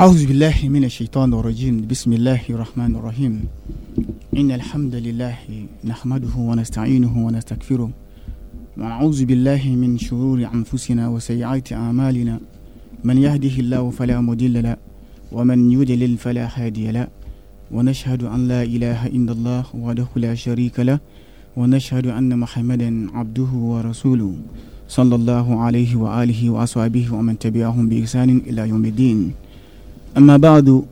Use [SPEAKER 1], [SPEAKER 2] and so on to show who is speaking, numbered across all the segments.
[SPEAKER 1] أعوذ بالله من الشيطان الرجيم بسم الله الرحمن الرحيم إن الحمد لله نحمده ونستعينه ونستغفره ونعوذ بالله من شرور أنفسنا وسيئات أعمالنا من يهده الله فلا مضل له ومن يضلل فلا هادي له ونشهد أن لا إله إلا الله وحده لا شريك له ونشهد أن محمدا عبده ورسوله صلى الله عليه وآله وأصحابه ومن تبعهم بإحسان إلى يوم الدين أما بعد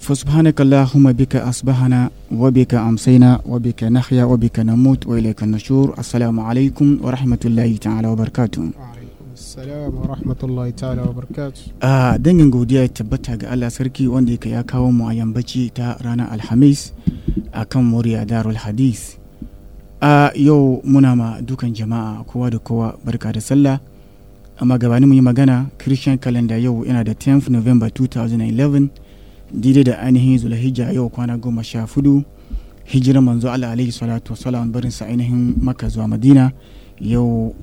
[SPEAKER 1] فسبحانك اللهم بك أصبحنا وبك أمسينا وبك نحيا وبك نموت وإليك النشور السلام عليكم ورحمة الله تعالى وبركاته wa rahmatullahi ta'ala wa A dangin godiya ya tabbata ga Allah sarki wanda yake ya kawo mu a yambaci ta ranar Alhamis a kan murya Darul Hadis. A yau muna ma dukan jama'a kowa da kowa barka da sallah amma gabanin mu yi magana christian calendar yau yana da 10th november 2011 daidai da ainihin zulhijja yau kwana goma sha fudu hijirar manzo Allah alaihi salatu wasalam barin sa ainihin maka zuwa madina yau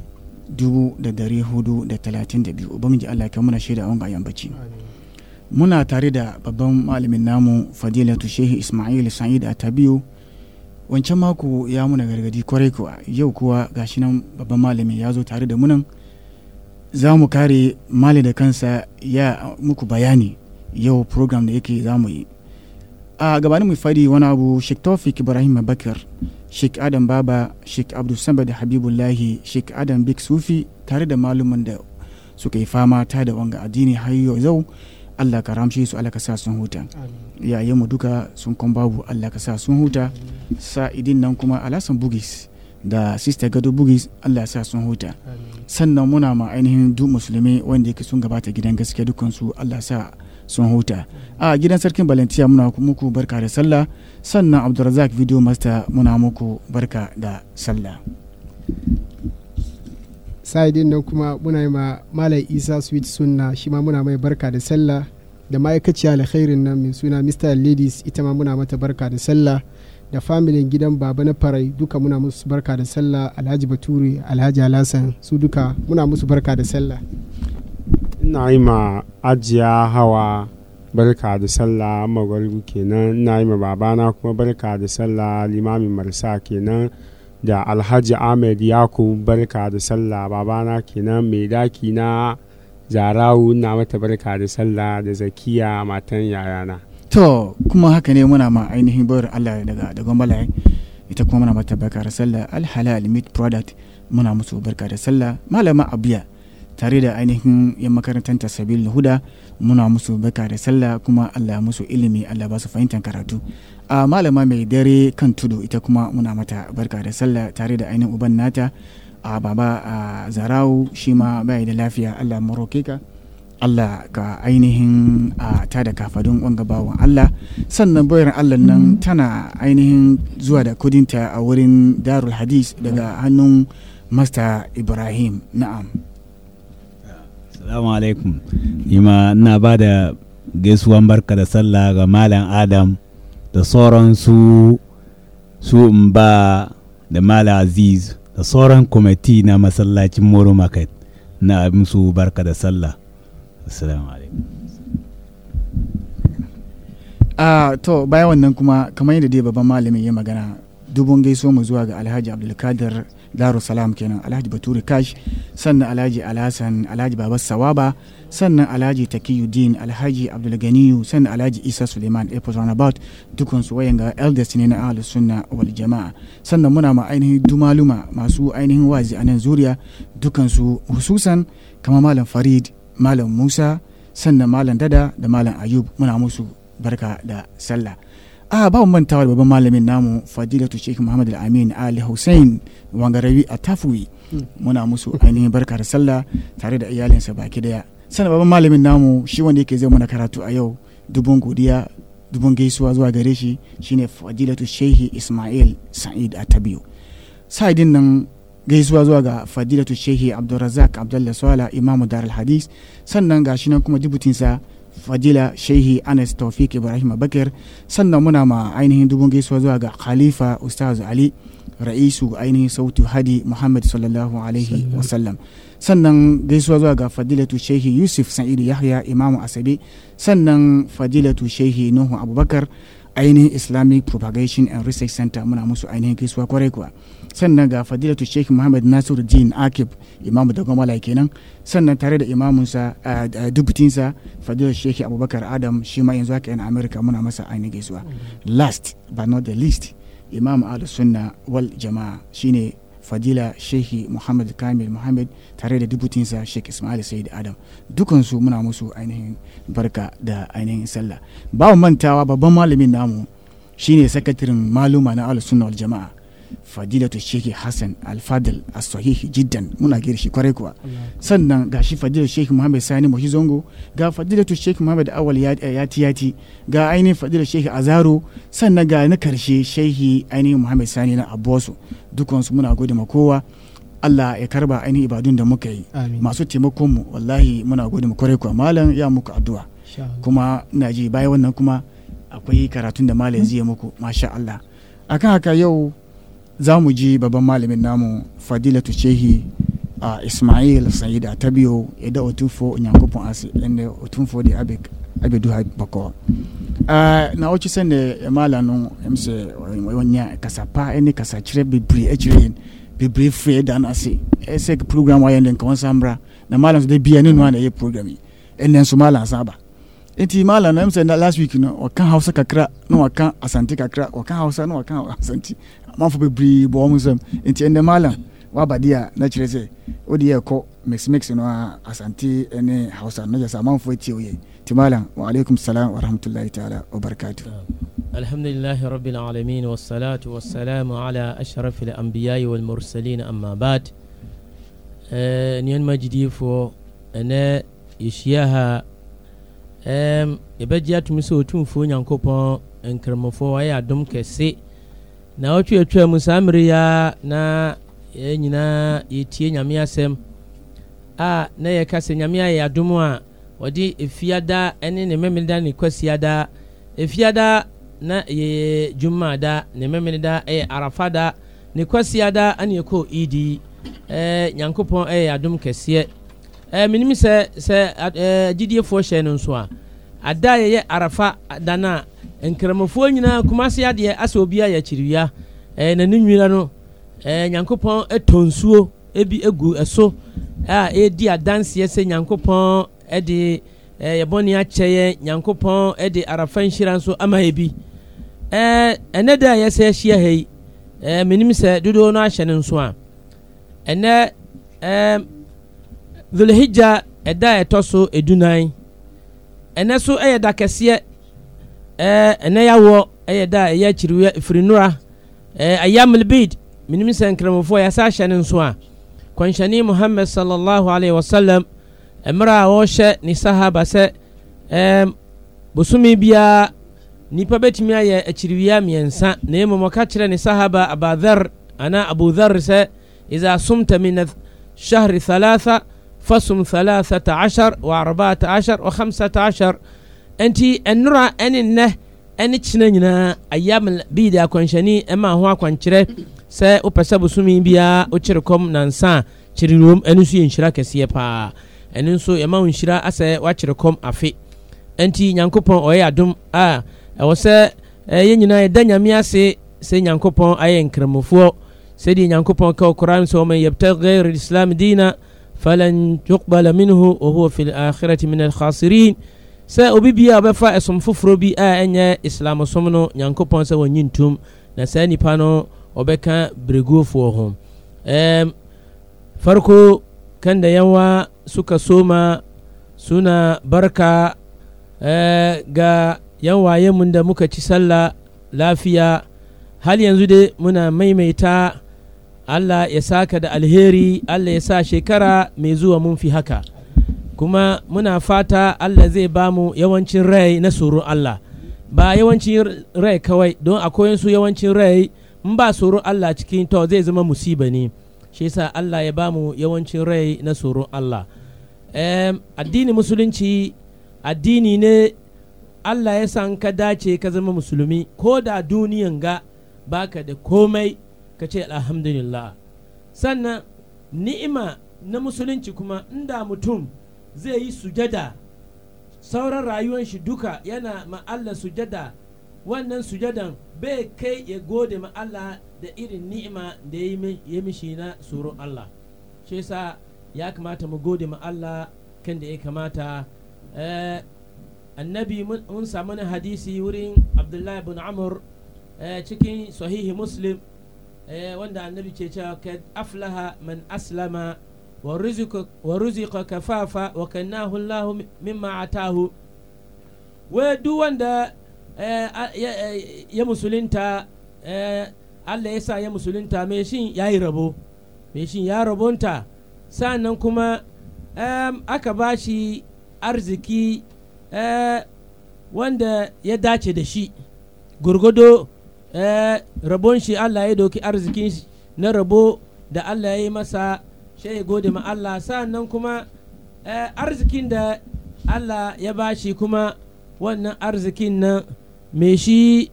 [SPEAKER 1] dubu da dari hudu da talatin da biyu ubangiji Allah kan muna shaida wanga yan bacci muna tare da babban malamin namu fadilatu shehi ismail sa'id a biyu wancan mako ya muna gargadi kwarai kuwa yau kuwa gashi nan babban malamin ya zo tare da munan za mu kare mali da kansa ya muku bayani yau program da yake za mu yi a gabanin mu fadi wani abu sheik tofik ibrahim bakar sheik adam baba sheik habibu habibullahi sheik adam big sufi tare da malumin da suka yi fama ta da wanga addini har yau allah ka ramshe su allah ka sa sun huta yayin mu duka sun kan babu allah ka sa sun huta sa'idin nan kuma alasan bugis da sister gado bugis allah ya sa sun huta sannan muna ma ainihin duk musulmi wanda yake sun gabata gidan gaskiya dukansu allah sa sun huta a gidan sarkin balantiya muna muku barka da sallah sannan abdulrazak video master muna muku barka da sallah sa'idin nan kuma muna yi ma malam isa sweet sunna shi ma muna mai barka da sallah da ma'aikaciya alkhairin nan mai suna mr ladies ita ma muna mata barka da sallah da familin gidan baba na farai duka muna musu barka da sallah alhaji bature alhaji alhassan su duka muna musu barka da sallah ina yi ma ajiya hawa barka da sallah magwargu kenan ina yi ma babana kuma barka da sallah limamin marsa kenan da alhaji ahmed yaku barka da sallah babana kenan mai daki na zarawu na mata barka da sallah da zakiya
[SPEAKER 2] matan yayana
[SPEAKER 1] to kuma haka ne muna ma ainihin bayar Allah daga daga malaye ita kuma muna mata barka da sallah alhalal meat product muna musu barka da sallah malama abiya tare da ainihin yan makarantar tasabil huda muna musu barka da sallah kuma Allah musu ilimi Allah ba su fahimtar karatu a malama mai dare kan tudu ita kuma muna mata barka da sallah tare da ainihin uban nata a baba a zarawu shi ma bai da lafiya Allah maroke ka Allah ga ainihin a ta da kafadun wanga bawan Allah sannan bayan Allah nan tana ainihin zuwa da kudinta a wurin darul hadis daga hannun masta Ibrahim na'am Assalamu alaikum nima ina ba da gaisuwan barka da sallah ga malam Adam da sauran su su ba da malam Aziz da sauran kwamiti na masallacin Moro Market na abin su barka da sallah assalamu alaikum a ah, to bayan wannan kuma kamar yadda dai babban malamin ya magana dubun gaiso mu zuwa ga alhaji abdulkadir daru salam kenan alhaji baturi kash sannan alhaji alhassan alhaji babas sawaba sannan alhaji takiyuddin alhaji abdulganiyu sannan alhaji isa suleiman airport roundabout dukansu wayan ga elders ne na ahlus sunna wal jama'a sannan muna ma ainihin dumaluma masu ainihin wazi a nan zuriya su hususan kamar malam farid malam musa sannan malam dada da malam ayub muna musu barka da sallah a ah, ba mu mantawa da babban malamin namu fadilatu sheikh muhammad al-amin ali hussein wangarawi a tafuwi hmm. muna musu ainihin barka da sallah tare da iyalinsa baki daya sannan babban malamin namu shi wanda yake zai mana karatu a yau dubun godiya dubun gaisuwa zuwa gare shi shine fadilatu sheikh ismail sa'id Atabiyu. sa'idin nan gaisuwa zuwa ga fadilatu shehi abdulrazak abdullah swala imamu dar hadis sannan ga shi nan kuma dibutinsa fadila shehi anas taufik ibrahim bakir sannan muna ma ainihin dubun gaisuwa zuwa ga khalifa ustaz ali ra'isu ainihin sautu hadi muhammad sallallahu alaihi wasallam sannan gaisuwa zuwa ga fadilatu shehi yusuf sa'idu yahya imamu asabe sannan fadilatu shehi nuhu abubakar ainihin islamic propagation and research center muna musu ainihin gaisuwa kwarai kuwa sannan ga fadilatu sheikh muhammad nasiru din akib imamu da gwamala kenan sannan tare da imamunsa dubutinsa fadilatu sheikh abubakar adam shi ma yanzu haka yan america muna masa ainihin gaisuwa last but not the least imam ahlus sunna wal jama'a shine fadila shehi muhammad kamil muhammad tare da dubutinsa sheikh ismail said adam dukansu muna musu ainihin barka da ainihin sallah babu mantawa babban malamin namu shine sakatirin maluma na ahlus sunna wal jama'a fadilatu sheikh hassan alfadil a sahihi jiddan muna gari shi kwarai kuwa sannan ga shi fadilatu sheikh muhammad sani mashi zongo ga fadilatu sheikh muhammad awal eh, yati yati ga ainihin fadilatu sheikh azaro sannan ga na karshe shehi ainihin muhammad sani na abuwasu dukansu muna gode ma kowa Allah ya karba ainihin ibadun da muka yi masu taimakonmu mu wallahi muna gode ma kwarai kuwa malam ya muku addu'a kuma na ji bayan wannan kuma akwai karatun da malam zai muku masha Allah akan haka yau za mu ji babban malamin namu fadilatu shehi a ismail sayida ta biyo ida otunfo nyankopɔn ase ɛnɛ otunfo de abe abedu ha bɔkɔ na ɔkye sɛ ne maala no kasa pa ɔnya kasa ɛne kasakyerɛ bebree akyerɛ yɛn bebree firi ɛda no ase ɛsɛ program wayɛ ne nka ɔnsa mmra na maala nso de bia ne no a na ɛyɛ program yi ɛnɛ e nso maala nsa aba nti maala no ɛm last week no ɔka hausa kakra na waka asanti kakra ɔka hausa na waka asanti. manfo bebree bɔ wɔn nsam nti ɛnɛ maalam waba di a n'akyerɛ sɛ o de yɛ kɔ mix mix no a asante ɛne hausa no yɛ sɛ amanfo etie o yɛ nti maalam wa aleykum salaam wa rahmatulahi taala wa barakatu.
[SPEAKER 2] الحمد لله رب العالمين والصلاة والسلام على أشرف الأنبياء والمرسلين أما بعد نيان مجدي فو أنا يشياها أم يبجي أتمسو تنفو نيانكو pɔn nkramofo ayɛ adom kɛse na wɔtwe atwa mu saa mmere ya na yɛn nyinaa yɛtie nyame asɛm a na yɛka sɛ nyame ayɛ adom a wɔde efiada ne ne mmemmeda ne kwasiada efiada na yɛyɛ dwumaada ne mmemmeda yɛ arafada ne kwasiada ne ɛkɔ idi ɛɛ nyankopɔn yɛ adom kɛseɛ ɛɛ menim sɛ sɛ ɛɛ gyidiefoɔ hyɛ no nso a ada yɛyɛ arafa da e, no a nkramofoɔ nyinaa kumase adeɛ asɛ obi ayɛ kyiriwia ɛɛ na ne nwira no ɛɛ nyankopɔn ɛtɔ nsuo ebi egu ɛso a e, ɛredi adanseɛ sɛ nyankopɔn ɛde ɛɛ e, yɛbɔne akyɛ yɛn nyankopɔn ɛde arafa nhyira nso ama yɛ bi ɛɛ ɛnɛ da yɛsɛ ahyia ha yi ɛɛ menim sɛ dodoɔ no ahyɛ ne nso a ɛnɛ ɛɛ dhulhijja ɛda ɛtɔ so edunan ɛnɛ so ɛyɛ da kɛseɛ ɛɛ ɛnɛ yawoɔ ɛyɛ da ɛyɛ akyiriwia efiri nura ɛɛ ayamilbid minimu sɛ nkramofoɔ yɛsɛ ahyɛ ne nso a kwanhyɛni muhammed sallallahu alayhi wa sallam mmerɛ a wɔrehyɛ ne sahaba sɛ ɛɛm bosome biara nipa bɛtumi ayɛ akyiriwia mmiɛnsa na mmom ɔka kyerɛ ne sahaba abadhar anaa abudhar sɛ idha sumta min shahri thalatha فصم ثلاثة عشر وأربعة عشر وخمسة عشر أنت النرى أن النه أن تشنينا أيام بيدا كونشني أما هو كونشري sɛ wopɛ sɛ bosome biara wokyere kɔm nansa a kyerewom ɛno nso yɛ nhyira kɛseɛ paa ɛno nso yɛma wo nhyira asɛ woakyere kɔm afe ɛnti nyankopɔn ɔyɛ adom a ɛwɔ sɛ yɛ nyinaa yɛda nyame ase sɛ nyankopɔn ayɛ nkramofoɔ sɛdeɛ nyankopɔn ka wo koran sɛ ɔma yɛbtaghe islam dina falan yuqbala minhu wa huwa fil akhirati min al khasirin sɛ obi bia ɔbɛfa ɛsom foforɔ bi a ɛnyɛ islam som no nyankopɔn sɛ wɔnyi ntom na saa nipa no ɔbɛka bregofoɔ ho um, farko kan da yawa suka soma suna barka uh, ga yan waye mun da muka ci sallah lafiya hal yanzu dai muna maimaita Allah ya saka da alheri Allah ya sa shekara mai zuwa mun fi haka kuma muna fata Allah zai ba mu yawancin rai na tsoron Allah ba yawancin rai kawai don akwai su yawancin rai in ba tsoron Allah cikin to zai zama musiba ne shi yasa Allah ya ba mu yawancin rai na tsoron Allah addini musulunci addini ne Allah ya san ka dace ka zama musulmi ko da duniyan ga baka da komai ka ce alhamdulillah sannan ni'ima na musulunci kuma inda mutum zai yi sujada sauran rayuwar shi duka yana ma'alla sujada wannan sujadan bai kai ya gode ma'alla da irin ni'ima da ya mishi na tsoron Allah shi yasa ya kamata mu gode ma'alla kan da ya kamata eh, annabi mun samu hadisi wurin abdullahi bin amur eh, cikin sahihi muslim Eh, wanda annabi ke cewa ka aflaha man aslama wa ruziqa kafafa wa kannahu Allahu mimma atahu wai duk wanda eh, ya musulunta eh, Allah ya sa ya musulunta mai shin ya yi rabo mai shin ya rabonta sannan kuma aka ba shi arziki wanda ya dace da shi gurgudo Eh, rabon shi Allah ya doki arzikin shi na rabo da Allah ya yi masa shai ya gode ma Allah nan kuma eh, arzikin da Allah ya bashi kuma wannan arzikin nan me shi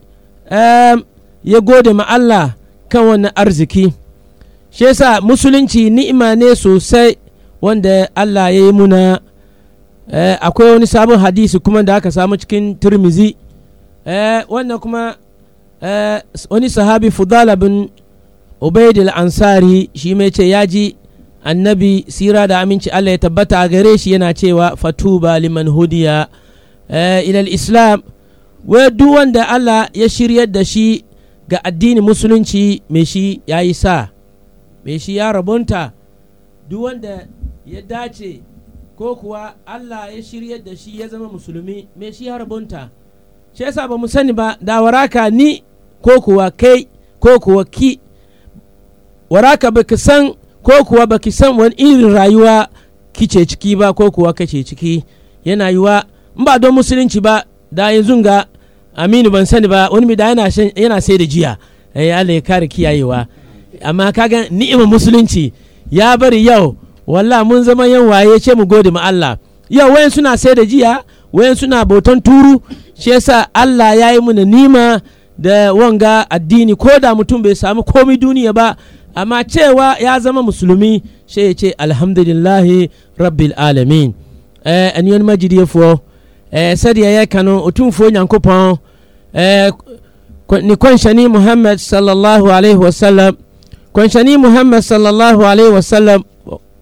[SPEAKER 2] eh, ya gode ma Allah kan wannan arziki shi yasa musulunci ni'ima ne sosai wanda Allah ya yi muna akwai wani sabon hadisi kuma da aka samu cikin turmizi wannan kuma Eh, wani sahabi fudala bin ubaidil ansari shi mai ce ya ji annabi sira da aminci allah ya tabbata a gare shi yana cewa fatuba liman hudiya eh, ilal islam wai duk wanda allah ya shiryar da shi ga addini musulunci mai shi ya yi sa mai shi ya rabunta duk wanda ya dace ko kuwa allah ya shiryar da shi ya zama musulmi mai shi ya rabunta shi yasa ba mu sani ba da waraka ni ko kuwa kai ko kuwa ki waraka baki san ko kuwa baki san wani irin rayuwa kice ciki ba ko kuwa kace ciki yana yiwa in ba don musulunci ba da yanzu ga aminu ban sani ba wani mai da yana sai da jiya ya eh, Allah ya kare kiyayewa amma kaga ni'imar musulunci ya bari yau walla mun zama yan waye ce mu gode ma Allah yau wayan suna sai da jiya wayan suna bautan turu shi yasa Allah ya yi mana nima da wanga addini ko da mutum bai samu komi duniya ba amma cewa ya zama musulmi shi ya ce alhamdulillah rabbil alamin eh yi majidi eh, fo eh sadiya ya kanu utun fo nyankopon eh ni kwanshani muhammad sallallahu alaihi wasallam kwanshani muhammad sallallahu alaihi wasallam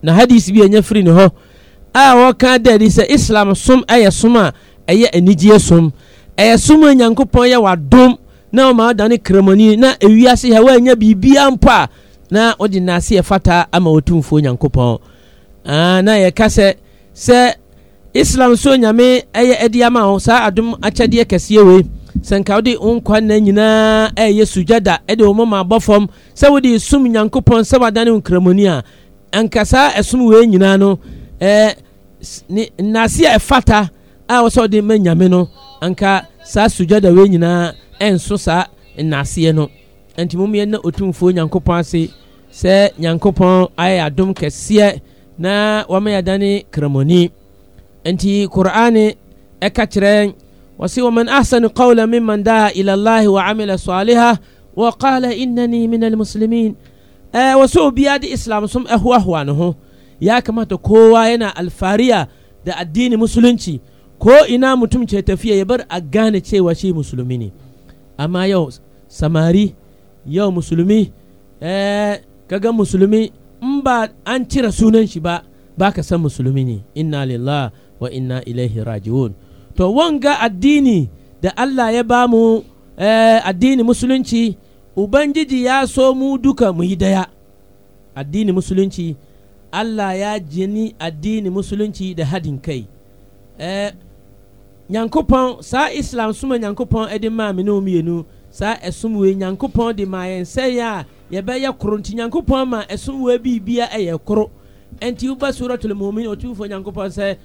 [SPEAKER 2] na hadisi bi anya firi ni ho a wɔka da adi sɛ islam sum aya suma, a enijiye sum ɛyɛ som a nyankopɔn yɛ wadom na ɔma ɔdane kramani na ewiase ha woanya biribiaa mpo a na wode naase yɛfata ama ɔtumfuo nyankopɔn na yɛka sɛ sɛ islam so nyame ɛyɛ ɛde ama wo saa adom akyɛdeɛ kɛseɛ wei sɛ nka wode wo nkwa nna nyinaa ɛyɛ sujada ɛde wo mama abɔ fam sɛ wode som nyankopɔn sɛ wadane wo nkramani a anka saa ɛsom wei nyinaa no eh, naase ɛfata a wɔsɛ ɔde ma nyame no anka saa sujada nyinaa ɛnso saa nnaaseɛ no nti mu yɛn na otumfuo nyankopɔn ase sɛ nyankopɔn ayɛ adom kɛseɛ na wɔma yɛdane kramoni nti qur'ane ɛka kyerɛ wɔse waman ahsanu qawla mimman daa ila llahi wa amila saliha wa qala innani mina Muslimin, eh, wɔsɛ obiaa de islam som ɛhoahoa ne ho ya kamata kowa yana alfariya da addini musulunci ko ina mutum ce tafiya ya bar a gane cewa shi musulmi ne amma yau samari yau musulmi eh, kaga musulmi in ba an cire sunan shi ba ba ka san musulmi ne inna lillahi wa inna ilaihi raji'un to wanga addini da Allah ya ba mu eh, addini musulunci ubangiji ya so mu duka mu yi daya addini musulunci Allah ya jini addini musulunci da hadin kai eh, nyankopɔn saa islam soma nyankopɔn de maa me ne mmienu saa ɛsom wei nyankopɔn de maa yɛn sɛ yɛ a yɛbɛyɛ koro nti nyankopɔn ma ɛsom wei biribia ɛyɛ koro ɛnti woba suratul mumin ɔtumfoɔ nyankopɔn sɛ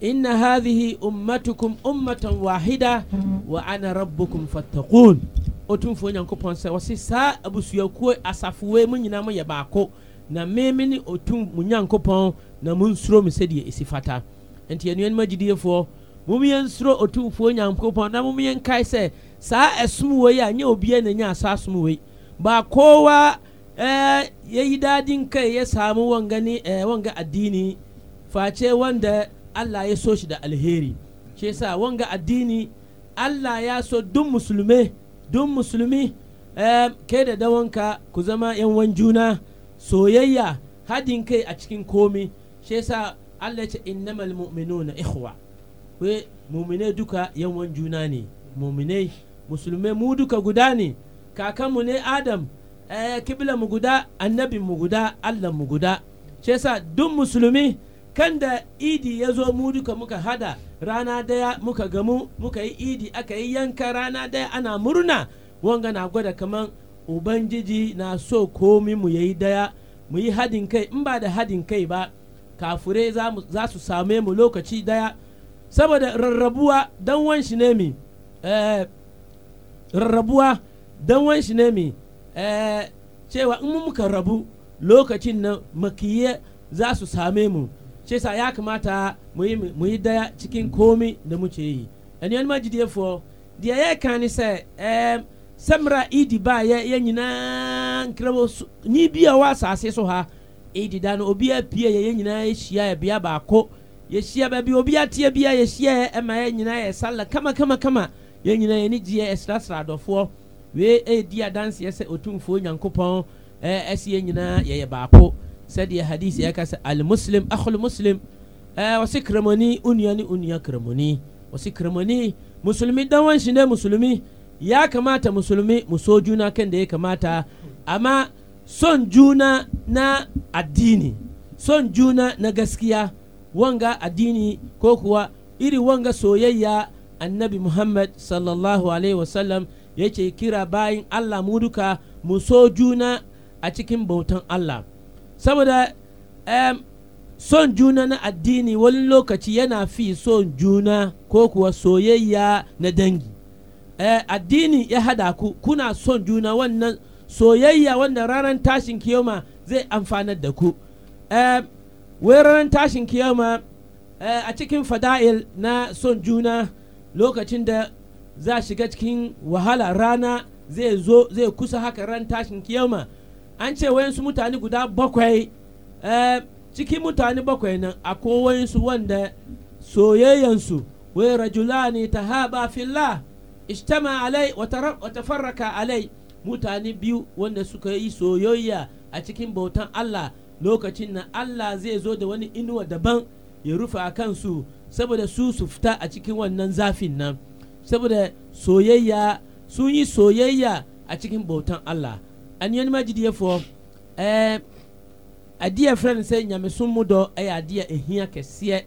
[SPEAKER 2] inna hadhihi ummatukum ummatan wahida wa ana rabbukum fattaqun ɔtumfoɔ nyankopɔn sɛ wɔse saa abusuakuo asafowei mu nyinaa moyɛ baako na meme ne ɔtum mu nyankopɔn na monsuro me sɛdeɛ ɛsi fata ɛnti anuanom agyidiefoɔ mommyɛ nsuro ɔtumfuo nyankopɔn na mommyɛ nkae sɛ saa ɛsom wei a nyɛ obia na nya asa asom wei baakowa eh, yayi dadin kai ya samu wanga ni eh, wanga addini face wanda Allah ya so shi da alheri sa yasa wanga addini Allah ya so dum musulmi dun musulmi eh, kai da dawanka ku zama yan juna soyayya hadin kai a cikin komi shi yasa Allah ya ce innamal mu'minuna ihuwa. we muminai duka yawan juna ne mumine musulmai mu duka guda ne kakanmu ne adam eh, kibla mu guda annabi mu guda allah mu guda ce sa duk musulmi kan da idi ya zo mu duka muka hada rana daya muka gamu muka yi idi aka yi yanka rana daya ana murna wanga na gwada kaman ubangiji na so komi mu yayi daya mu yi hadin kai in ba da hadin kai ba kafure za su same mu lokaci daya saboda rarrabuwa dan wan shi ne mi eh, rarrabuwa dan wan shi ne mi eh, cewa in muka rabu lokacin na makiye za su same mu ce sa ya kamata mu yi daya cikin komi da muke yi ɛni ɛni ma jide fuwa da ya ka ne sɛ ɛɛm idi ba ya yɛ nyinaa nkirabo ni biya bi a wɔ so ha idi da obiya obi ya yɛ yɛ nyinaa ya biya ba ko. yɛhyia baabi obi ateɛ bia yɛhyia ɛma yɛ nyinaa yɛ sala kama kama kama yɛn nyinaa yɛn ni gyeɛ ɛsrasra adɔfoɔ wee edi adanseɛ sɛ otumfuo nyankopɔn ɛɛ e, ɛsi yɛn nyinaa yɛyɛ baako sɛdeɛ hadisi yɛ e, kasa ali muslim akhol muslim ɛɛ e, wɔsi kremoni onua ne onua kremoni wɔsi kramoni musulumi danwan musulumi ya kamata musulumi mu so kamata ama sonjuna na addini sonjuna na gaskiya wanga addini ko kuwa iri wanga soyayya annabi muhammad sallallahu alaihi wasallam ce kira bayan allah mu duka mu so juna a cikin bautan allah saboda son juna na addini wani lokaci yana fi son juna ko kuwa soyayya na dangi eh, addini ya hada ku kuna son juna wannan soyayya wannan ranar tashin kiyoma zai amfanar da ku wai ranar tashin kiyama eh, a cikin fada'il na son juna lokacin da za shiga cikin wahala rana zai zo zai kusa haka ran tashin kiyama an ce wayansu mutane guda bakwai eh, cikin mutane bakwai nan akwai wanda soyayyansu wai ne ta haɓa fillah ishtama alai wata farraka alai mutane biyu wanda suka yi soyayya a cikin bautan Allah lokacin na Allah zai zo da wani inuwa daban ya rufe a kansu saboda su su fita a cikin wannan zafin nan saboda soyayya sun yi soyayya a cikin bautan Allah an yi majidi ya fo a adiya friend sai nyame sun mu dɔ ɛyɛ adiya ehia kɛseɛ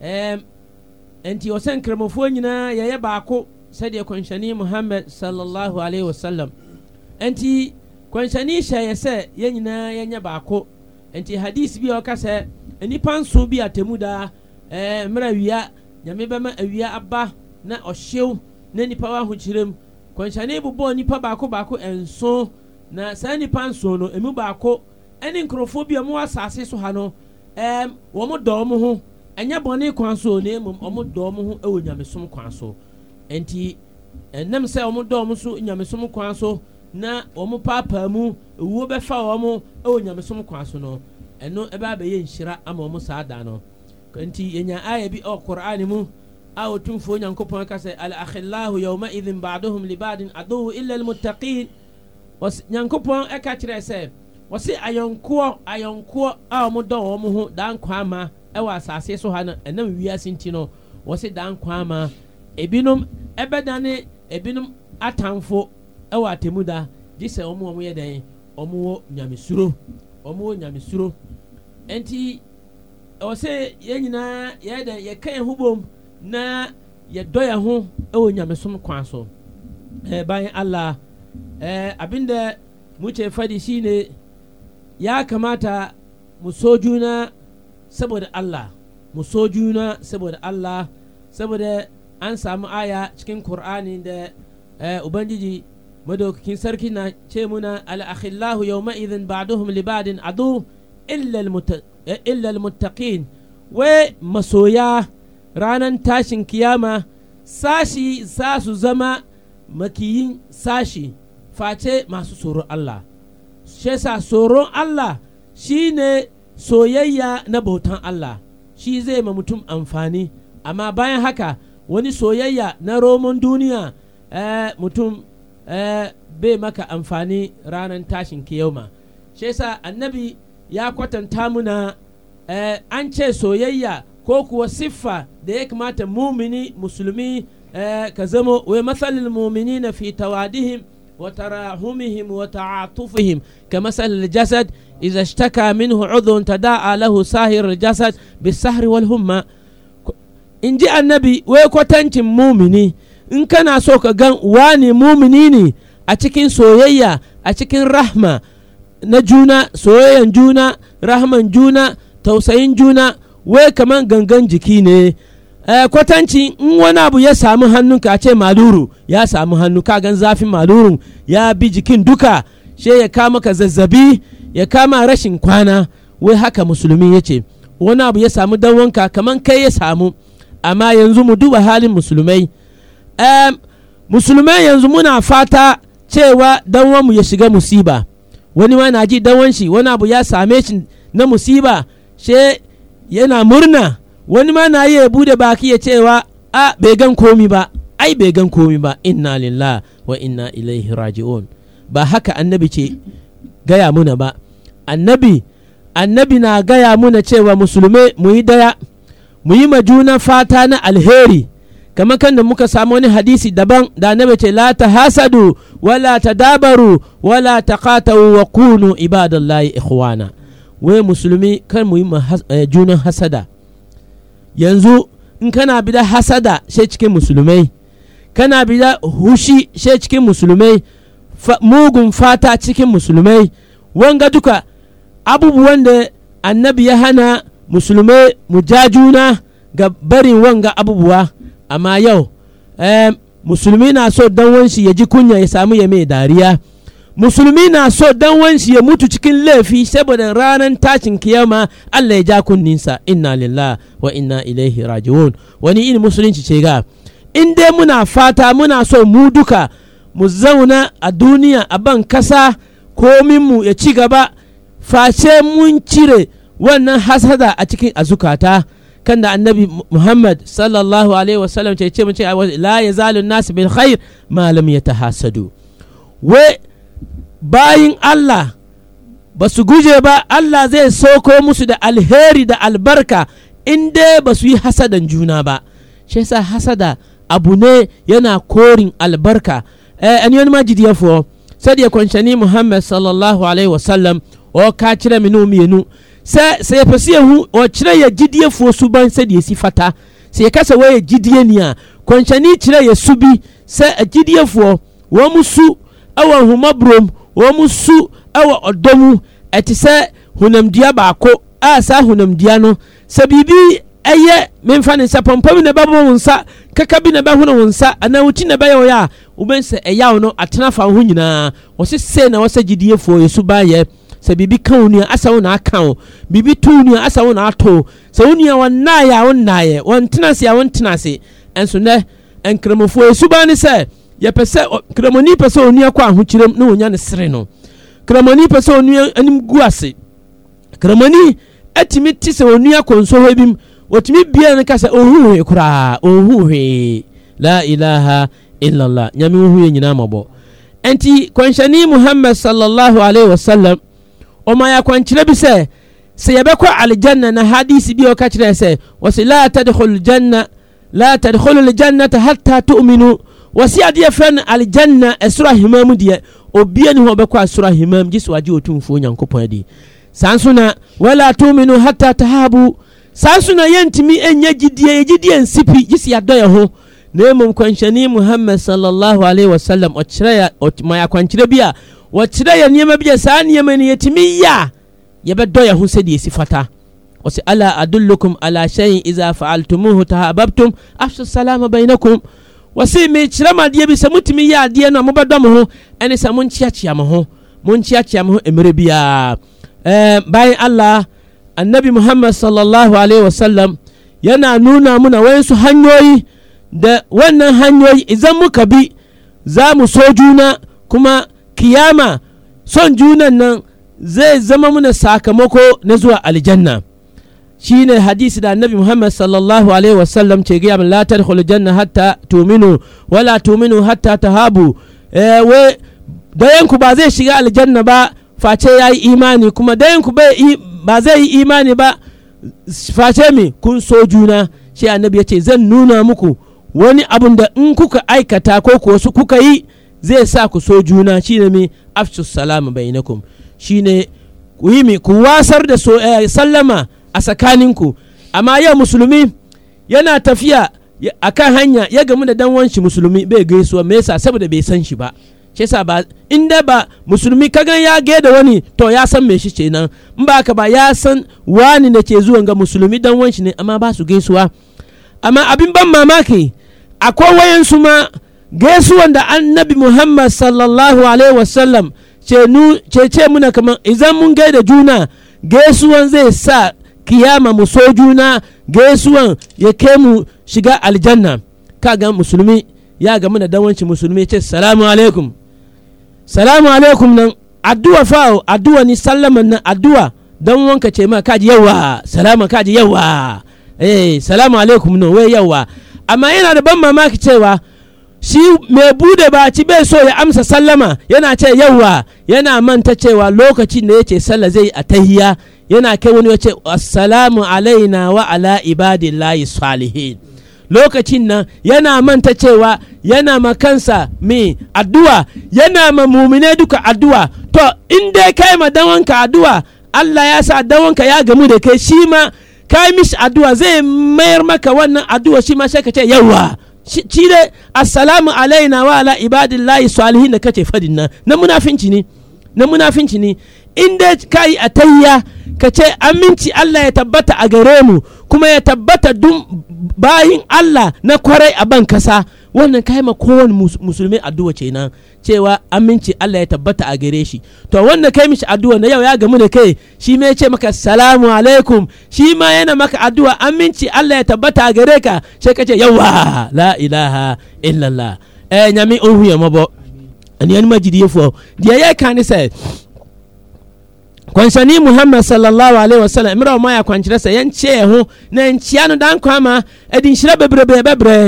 [SPEAKER 2] eh nti ɔsɛ nkramofoɔ nyinaa yɛyɛ baako sɛdeɛ kwanshani muhammad sallallahu alaihi wasallam nti kwanshani hyɛ yɛ ya nyina nyinaa yɛnyɛ baako nti hadis bi a ɔka sɛ nnipa nso bi atemu daa ɛɛ mmerɛ awia nyame bɛma awia aba na ɔhyew na nipa wa ahokyerɛ mu kɔnhyɛne bobɔ nipa baako baako nso na saa nipa nso no emu baako ɛne nkurɔfoɔ bi a wɔn asase so ha no ɛɛm wɔn dɔɔ mo ho ɛnyɛ bɔnne kwan so na emu wɔn dɔɔ mo ho ɛwɔ nyamesom kwan so nti ɛnam sɛ wɔn dɔɔ mo so nyamesom kwan so na wɔn paapaa mu owuo bɛfa wɔn wɔ nyamesom kwan so no ɛno ɛbɛ abɛyɛ nhyira ama wɔn saa da no nti yɛnya ayɛ bi ɔ koran mu a otumfuo nyankopɔn ka sɛ alakhillahu yawma idhin ba'dahum li ba'din aduhu illa almuttaqin nyankopɔn ɛka kyerɛ sɛ wɔsi ayɔnkoɔ ayɔnkoɔ a wɔn dɔ wɔn ho dan kwan ma ɛwɔ asase so ha no ɛnam wiase nti no wɔsi dan kwan ma ebinom ɛbɛdane ebinom atamfo ɛwɔ atemu da gye sɛ ɔmo ɔmo yɛ dɛn ɔmo wɔ nyamesuro ɔmo wɔ nyamesuro nti ɛwɔ sɛ yɛn nyinaa yɛ dɛn yɛka yɛn ho bom na yɛdɔ yɛn ho ɛwɔ nyamesom kwan so ɛɛ ban ala ɛɛ abinda muke fadi shine ya kamata mu so juna saboda Allah mu so saboda Allah saboda an samu aya cikin Kur'ani da Ubangiji madaukakin sarki na ce muna al'akhillahu yau ma'izin ba'duhum libadin libadin adu illal muttaqin wai masoya ranar tashin kiyama sashi za su zama makiyin sashi face masu tsoron Allah sa tsoron Allah shi ne soyayya na bautan Allah shi zai ma mutum amfani amma bayan haka wani soyayya na roman duniya eh, mutum be maka amfani ranar tashin kiyoma shi yasa annabi ya kwatanta muna an ce soyayya ko kuwa siffa da ya kamata mumini musulmi ka zama wai matsalin mumini na fi tawadihim wa tarahumihim wa ta'atufihim ka matsalin jasad iza shtaka minhu udhun tada'a lahu sahir jasad bis sahri wal humma in ji annabi wai kwatancin mumini in kana so ka gan wani mumini ne a cikin soyayya a cikin rahma na juna soyayyan juna rahman juna tausayin juna wai kaman gangan jiki ne eh, kwatanci in wani abu ya samu hannun kace ce maluru ya samu hannu ka gan zafin malurun ya bi jikin duka she ya kama ka zazzabi ya kama rashin kwana wai haka musulmi ya ce wani abu ya samu danwanka kaman kai ya samu amma yanzu mu duba halin musulmai musulmai yanzu muna fata cewa danwanmu ya shiga musiba wani ma na ji dan shi wani abu ya same shi na musiba she yana murna wani ma na yi yabu bude baki ya cewa a bai gan komi ba ai bai gan komi ba inna lillah wa inna ilaihi raji'un ba haka annabi ce gaya muna ba annabi annabi na gaya muna cewa musulmai mu yi daya mu yi ma juna fata na alheri kamar kan da muka samu wani hadisi daban da annabi ce la ta hasadu wala ta dabaru wala ta katawu wa kunu ibadallahi ikhwana wai musulmi kan mu yi eh, junan hasada yanzu in kana da hasada she cikin musulmai kana da hushi sai cikin musulmai mugun fata cikin musulmai wanga duka abubuwan da annabi ya hana musulmai mu ja juna ga barin wanga abubuwa amma yau eh, musulmi na so don wanshi ya ji kunya ya samu ya mai dariya musulmi na so don wanshi ya mutu cikin laifi saboda ranar tashin kiyama Allah ya ja kunninsa inna lillah wa inna ilaihi raji'un wani in musulunci ce ga in dai muna fata muna so mu duka mu zauna a duniya a ban kasa minmu ya ci gaba face mun cire wannan hasada a cikin azukata kan da annabi muhammad sallallahu alaihi wasallam ce ce mun ce la ya zalun nasu bil khair malam ya tahasadu we bayin allah ba su guje ba allah zai soko musu da alheri da albarka in dai ba su yi hasadan juna ba shi yasa hasada abu ne yana korin albarka eh, en yon majidi ya fo sadi ya kwanchani muhammad sallallahu alaihi wasallam o oh, ka cire minu miyenu sɛ sɛ yɛpɛ sɛ yɛhu ɔkyerɛ yɛ gyidiefoɔ suban sɛdeɛ si fata sɛ yɛka sɛ wɔyɛ gyidie ni a kɔnhyɛne kyerɛ yɛ su bi sɛ agyidiefoɔ wɔn mu su ɛwɔ ahomaborom wɔn mu su ɛwɔ ɔdɔ mu ɛte sɛ honamdua baako a saa honamdua no sɛ biribi ɛyɛ memfa ne nsa pɔmpɔ bi na ɛbɛbɔ wo nsa kaka bi na ɛbɛhono wo nsa anaa wo ti na ɛbɛyɛ wo yɛ a wobɛn sɛ ɛyaw no atena fa wo ho nyinaa wɔse sei na wɔsɛ gyidiefoɔ yɛ suban yɛ sɛ biribi ka wo nua asɛ wo na aka wo biribi to wo nua asɛ wo na ato wo sɛ wo nua wɔnnaeɛ a wo wonnaeɛ wɔntena ase a wo ntena ase ɛnso nɛ nkramofoɔ ɛsuban ne sɛ yɛpɛ sɛ kramoni pɛ sɛ ɔnua kɔ ahokyerɛm na wɔnya ne sere no kramoni pɛ sɛ ɔnua anim gu ase kramoni atumi te sɛ ɔnua kɔnso hɔ bi wɔtumi bia no ka sɛ ɔhu hwee koraa ɔhu hwee la ilaha illallah nyame wohu yɛ nyinaa mɔbɔ ɛnti kwanhyɛne muhammad sallallahu alaihi wasallam ɔma yɛ akwankyerɛ bi sɛ sɛ yɛbɛkɔ aljanna na hadis bi a ɔka kyerɛ sɛ wɔse la tadkhulu janna la tadkhulu ljannata hatta tuminu wɔse adeɛ frɛ no aljanna ɛsoro e ahema mu deɛ obia ne ho ɔbɛkɔ asoro ahema mu gye so agye ɔtumfuo nyankopɔn adi saa nso na wala tuminu hatta tahabu saa nso na yɛntumi ɛnyɛ e gyidie yɛgyidie nsipi gye sɛ yɛadɔ yɛ ho na mmom kwanhyɛne muhammad sallallahu alaihi wasallam ɔkyerɛ ma yɛakwankyerɛ bi a wɔkyerɛ yɛ nneɛma bi a saa nneɛma no yɛtumi yɛ a yɛbɛdɔ yɛ ho sɛdeɛ si fata wɔsi ala adullukum ala shay'in isa fa'altumuhu tahababtum afshu salama bainakum wɔsi mekyerɛ mo adeɛ bi sɛ motumi yɛ adeɛ no a mobɛdɔ mo ho ɛne sɛ monkyeakyea mo ho monkyeakyea mo ho mmerɛ biara ɛɛ eh, bayan allah annabi muhammad sallallahu alaihi wasallam yana nuna na wayansu hanyoyi da wannan hanyoyi idan muka bi za mu so juna kuma kiyama son junan nan zai zama muna sakamako na zuwa aljanna shine hadisi da annabi muhammad sallallahu alaihi wasallam ce gaya min latar tadkhulu janna hatta tuminu wala tuminu hatta tahabu eh we dayan ku ba zai shiga aljanna ba face yayi imani kuma dayan ku ba zai yi imani ba face mi kun so juna shi annabi ya ce zan nuna muku wani abun da in kuka aikata ko kuwa kuka yi zai sa ku so juna shi ne mai afshus na kum shi ne ku yi ku wasar da so, eh, sallama a tsakaninku amma yau musulmi yana tafiya a kan hanya ya gamu da danwanci musulmi bai gaisuwa me yasa saboda bai san shi ba shi ba in da ba musulmi kagan ya ge da wani to ya san me shi ce nan in ba ka ba ya san wani da ke zuwan ga musulmi danwanci ne amma ba su gaisuwa amma abin ban mamaki akwai wayansu ma gaisuwan da annabi muhammad sallallahu alaihi wasallam ce ce muna kamar idan mun gaida juna gaisuwan zai sa kiyama mu so juna gaisuwan ya ke mu shiga aljanna kaga musulmi ya ga da dawanci musulmi ce salamu alaikum salamu alaikum nan addu'a fawo addu'a ni sallaman nan addu'a don wanka ce ma kaji yawa salama kaji yawa eh salamu alaikum nan wai yawa amma yana da ban mamaki cewa shi mai bude baci bai so ya amsa sallama yana ce yawa yana manta cewa lokacin da yace sallah zai a tahiya yana kai wani yace assalamu alaina wa ala ibadillahi salihin lokacin nan yana manta cewa yana ma kansa mi addu'a yana ma mumine duka addu'a to in dai kai ma dawanka addu'a Allah ya sa dawanka ya gamu da kai shi ma kai mishi addu'a zai mayar maka wannan addu'a shi ma sai ka ce yawa shi ne assalamu alaina wa ala ibadillahi salihin da kace fadin nan na munafinci ne na munafinci ne in ka yi atayya ka ce aminci Allah ya tabbata a gare mu kuma ya tabbata dun bayin Allah na kwarai a ban kasa wannan kai ma kowane musulmi addu'a ce nan cewa aminci Allah ya tabbata a gare shi to wannan kai mishi addu'a na yau ya gamu da kai shi me ce maka salamu alaikum shi ma yana maka addu'a aminci Allah ya tabbata a gare ka sai ka ce yawa la ilaha illallah eh nyami ohu ya mabo ani an majidi fo dia ya kan sai kwansani muhammad sallallahu alaihi wasallam mmerɛ ɔma yɛ akwankyerɛ sai yan ce ho N'an nkyia dan da nkwama ɛde nhyira bebre bɛbrɛ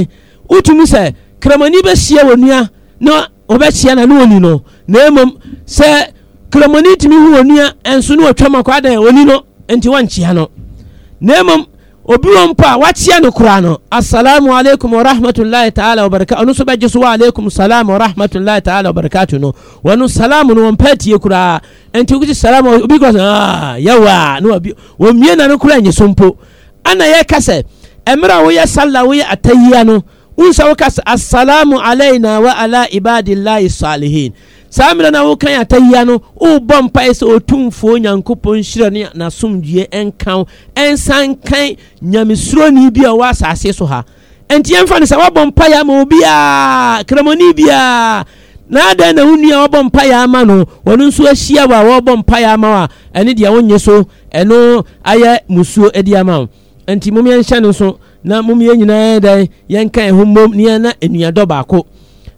[SPEAKER 2] wotumi sɛ kramani bɛhyia wɔ nua na wɔbɛhyia na ne wɔni no na mmom sɛ kramani tumi hu wɔ nua ɛnso ne wɔtwa ma kɔ wɔni no nti wɔnkyia no na mmom obi wɔ mpo a wakyia no koraa no assalamu alaikum warahmatullahi ta'ala wa barakatuh ɔno nso bɛgye so wa alaikum salam warahmatullahi ta'ala wa barakatuh no wɔno salamu no wɔn pɛ tie koraa nti wogye salamu obi kɔ sɛ aa yawa ne wɔbi wɔn mie na no koraa nyɛ so mpo ana yɛka sɛ mmerɛ a woyɛ sallah woyɛ atayia no wosa woka assalamu alaina wa ala ibadillahi salihin saa mmerɛ no woka atayia no wobɔ mpae sɛ ɔtumfuo nyankopɔn nhyira ne nasomdue ɛnka wo ɛnsa nkan nyamesuroni bi a ɔwɔ asase so ha ɛnti yɛmfa no sɛ woabɔ mpaeɛ ama obiaa kramɔni biaa na adan na wo nua wɔbɔ mpaeɛ ama no wɔno nso ahyia wɔ a wɔbɔ mpaeɛ ama wo a ɛne deɛ wonyɛ so ɛno ayɛ musuo adi ama wo ɛnti momeɛnhyɛ no so na mom yɛn nyinaa dan yɛnka ɛho mmom ne yɛna nnuadɔ baako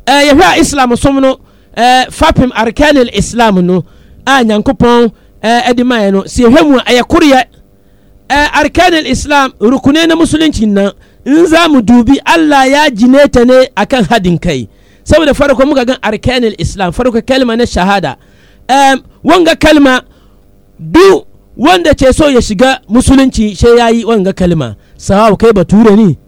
[SPEAKER 2] yɛhwɛ a islam som no fapem arkanil islam no a nyankopɔn de maɛ no sɛ yɛhwɛ mu a ɛyɛ koreɛ arkanil islam rukune na musulunci nan in za mu dubi allah ya jine ta ne akan hadin kai saboda mu ka gan arkanil islam farko kalima na shahada wanga kalima du wanda ce so ya shiga musulunci shi ya yi wanga kalma sawabu kai bature ni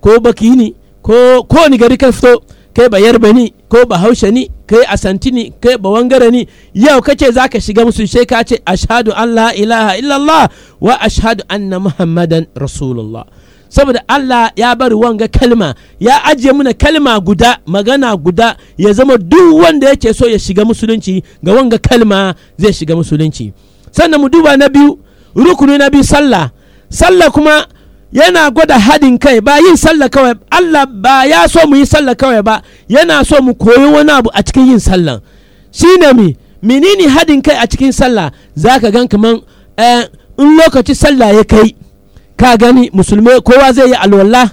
[SPEAKER 2] ko baki ni ko ko ni gari ka fito kai ba yarba ni ko ba haushe ni kai asanti ni kai ba wangare ni yau kace zaka shiga musu sai ka ce ashhadu an la ilaha illallah wa ashhadu anna muhammadan rasulullah saboda Allah ya bar wanga kalma ya ajiye muna kalma guda magana guda ya zama duk wanda yake so ya shiga musulunci ga wanga kalma zai shiga musulunci sannan mu duba na biyu rukuni na biyu sallah sallah kuma yana gwada haɗin kai ba yin sallah kawai Allah ba ya so mu yi sallah kawai ba yana so mu koyi wani abu a cikin yin sallah shi ne mi menene haɗin kai a cikin sallah za ka gan kaman eh, in lokaci sallah ya kai ka gani musulmai kowa zai yi alwala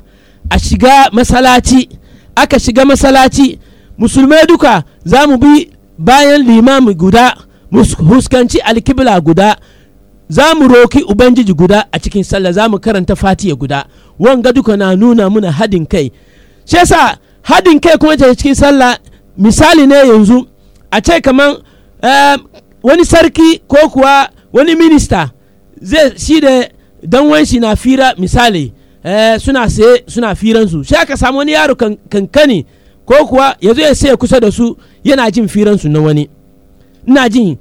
[SPEAKER 2] a shiga masalaci aka shiga masalaci musulmai duka za mu bi bayan limami guda mu huskanci alkibla guda za mu roki ubangiji guda a cikin sallah za mu karanta fatiya guda wanga duka na nuna muna hadin kai shi yasa hadin kai kuma ta cikin sallah misali ne yanzu a ce kaman eh, wani sarki ko kuwa wani minista zai shi da danwanshi na fira misali eh, suna saye suna firansu sai aka samu wani yaro kankani ko kuwa ya ya saya kusa da su yana jin firansu na wani ina jin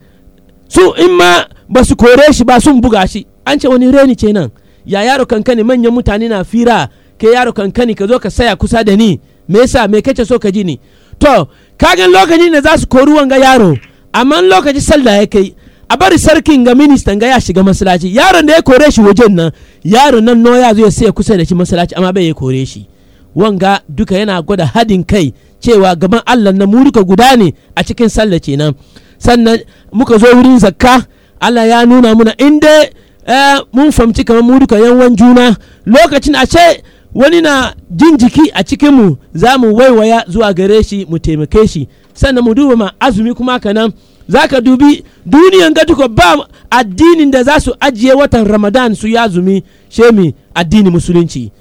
[SPEAKER 2] su in ma ba su kore shi ba sun buga shi an ce wani reni ce nan ya yaro kankani manyan mutane na fira ke yaro kankani ka zo ka saya kusa da ni me yasa me kace so ka ji ni to kagan lokaci ne za su kori wanga yaro amma lokaci sallah ya kai a bari sarkin ga ministan ga ya shiga masallaci yaron da ya kore shi wajen nan yaro nan no ya zo ya saya kusa da shi masallaci amma bai ya kore shi wanga duka yana gwada hadin kai cewa gaban Allah na mu guda ne a cikin sallah kenan sannan muka zo wurin zakka Allah ya nuna muna in dai eh, mun famci kamar mu duka yanwan juna lokacin a ce wani na jin jiki a cikinmu za mu waiwaya zuwa gare shi mu taimake shi sannan mu duba ma azumi kuma kanan za ka dubi duniyan duka ba addinin da za su ajiye watan ramadan su ya zumi shemi addini musulunci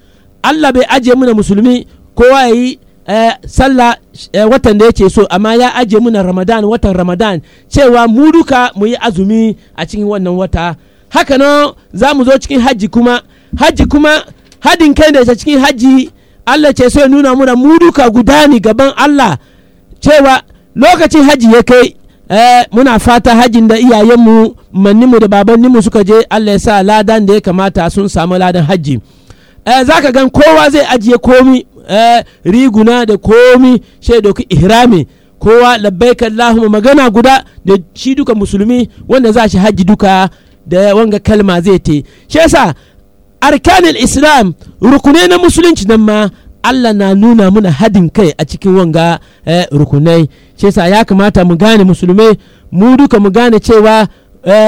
[SPEAKER 2] allah bai ajiye muna musulmi kowa ya yi Eh, sallah eh, watan da yake so amma ya aje muna ramadan watan ramadan cewa mu duka mu yi azumi a cikin wannan wata haka nan za mu zo cikin hajji kuma hajji kuma hadin kai da ya cikin hajji allah ce so ya nuna muna mu duka guda ne gaban allah cewa lokacin hajji ya kai Eh, muna fata hajjin da iyayenmu manninmu da babanninmu suka je allah ya sa ladan da ya kamata sun samu ladan hajji Eh, za ka gan kowa zai ajiye komi eh, riguna da komi shi doki ihrami kowa labbaik Allahumma magana guda da shi duka musulmi wanda za shi hajji duka da wanga kalma zai te shi yasa arkanil islam rukunai na musulunci nan ma Allah na nuna muna hadin kai a cikin wanga eh, rukunai shi yasa ya kamata mu gane musulmai mu duka mu gane cewa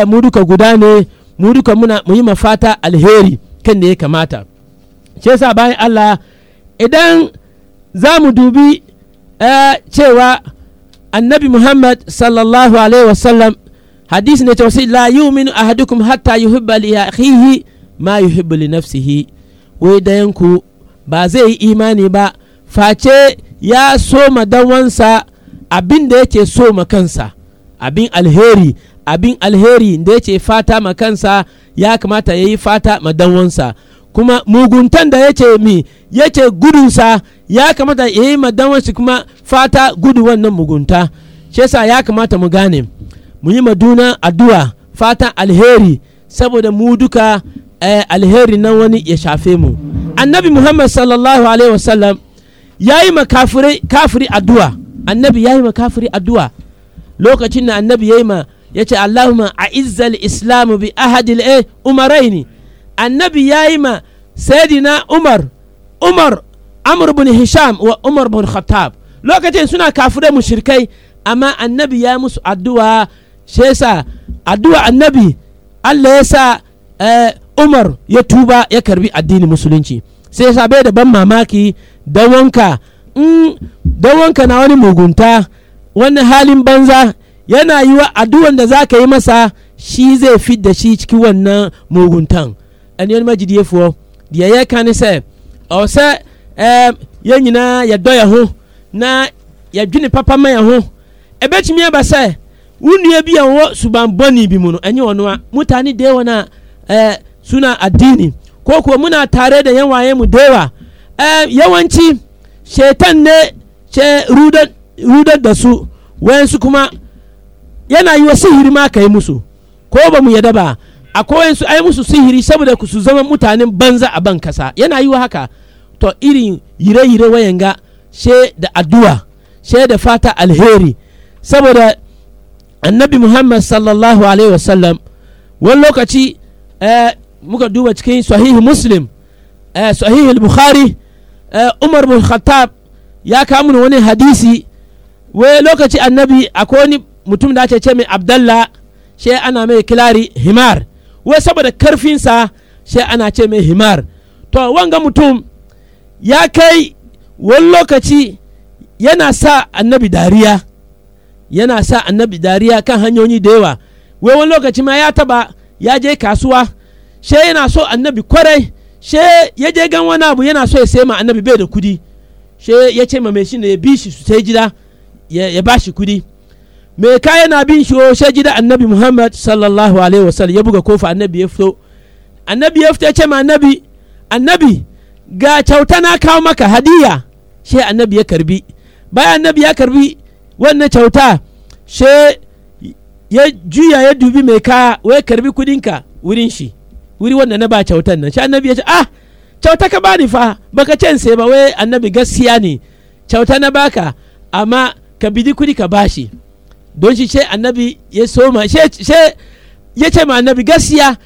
[SPEAKER 2] mu duka guda ne mu duka muna mu yi mafata alheri kan da ya kamata shi yasa bayan Allah idan za mu dubi eh, cewa annabi Muhammad sallallahu alaihi wasallam hadisi ne cewa la yuminu ahadukum hatta yuhibba li akhihi ma yuhibbu li nafsihi wai ku ba zai yi imani ba face ya so ma danwansa abin da yake so ma kansa abin alheri abin alheri da yake fata ma kansa ya kamata yayi fata ma danwansa kuma muguntan da yake mi yake gudunsa ya kamata ya yi madawansu kuma fata gudu wannan mugunta shi yasa ya kamata mu gane mu yi maduna addu'a fatan alheri saboda mu duka eh, alheri nan wani ya shafe mu annabi muhammad sallallahu alaihi wasallam ya yi ma kafiri addu'a annabi ya yi ma addu'a lokacin da annabi ya yi ma ya ce allahumma a izzal islamu bi ahadil eh, umaraini annabi ya yi ma sayidina umar umar amur bin hisham wa umar bin khattab lokacin suna kafirai mushrikai amma annabi ya musu addu'a shi yasa addu'a annabi Allah ya sa eh, umar ya tuba ya karbi addinin musulunci sai yasa bai da ban mamaki da wanka na wani mugunta wani halin banza yana yi wa addu'an da zaka yi masa shi zai fi da shi cikin wannan muguntan ɛne ɔnum agyidiefoɔ deɛ yɛka ne sɛ ɔwɔ sɛ ɛɛ yɛn nyinaa yɛdɔ yɛn ho na yɛdwene papa ma yɛn ho ɛbɛtumi aba sɛ wo nua bi a ɔwɔ subanbɔni bi mu no ɛnyɛ ɔno a muta ne deɛ wɔn a ɛɛ suna adiini koko mu na atare da yɛn wɔn mu dewa ɛɛ yawanci shetan ne kyɛ ruda ruda da su wɛnsu kuma yana yi wasu hirima aka yi musu ko ba mu yɛ daba a su ai musu sihiri saboda ku su zama mutanen banza a ban kasa yana yi wa haka to irin yire-yire wayanga she da addu'a she da fata alheri saboda annabi muhammad sallallahu alaihi wasallam wani lokaci eh, muka duba cikin sahihi muslim eh, sahihi bukhari eh, umar bin khattab ya kamu wani hadisi wai lokaci annabi akwai wani mutum da ce mai abdallah she ana mai kilari himar wai saboda sa sai ana ce mai himar to wanga mutum ya kai wani lokaci yana sa annabi dariya yana sa annabi dariya kan hanyoyi da yawa wai wani lokaci ma ya taba ya je kasuwa she yana so annabi kwarai she ya je gan wani abu yana so ya sai ma annabi bai da kudi she ya ce ma mai shi ne ya bi shi su sai gida ya ba shi kudi mai ka yana bin shi sai gida annabi muhammad sallallahu alaihi wasallam ya buga kofa annabi ya fito annabi ya fito ya ce ma annabi annabi ga kyauta na kawo maka hadiya sai annabi ya karbi bayan annabi ya karbi wannan kyauta sai ya juya ya dubi mai kaya wai karbi kudinka wurin shi wuri wanda na ba kyautan nan sai annabi ya ce ah kyauta ka bani fa baka ce sai ba wai annabi gaskiya ne kyauta na baka amma ka bidi kudi ka bashi don shi ce annabi ya soma sai ya ce ma annabi gaskiya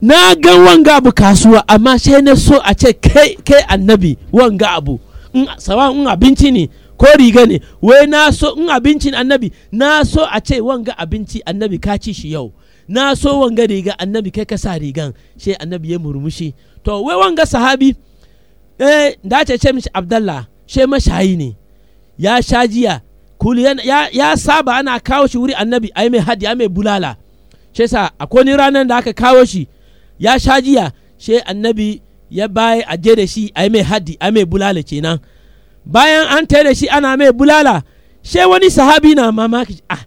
[SPEAKER 2] na ga wanga abu kasuwa amma sai na so a ce kai annabi wanga abu sawa in abinci ne ko riga ne wai na so in abincin annabi na so a ce wanga abinci annabi ka ci shi yau na so wanga riga annabi kai ka sa rigan sai annabi ya murmushi to wai wanga sahabi eh da ce ce mishi abdallah she mashayi ne ya sha jiya kuli ya, ya saba ana kawo shi wuri annabi ai mai hadi mai bulala shi sa a koni ranar da aka kawo shi ya sha jiya shi annabi ya baye a je da shi ai mai hadi ai mai bulala kenan bayan an tare da shi ana mai bulala shi wani sahabi na mamaki ah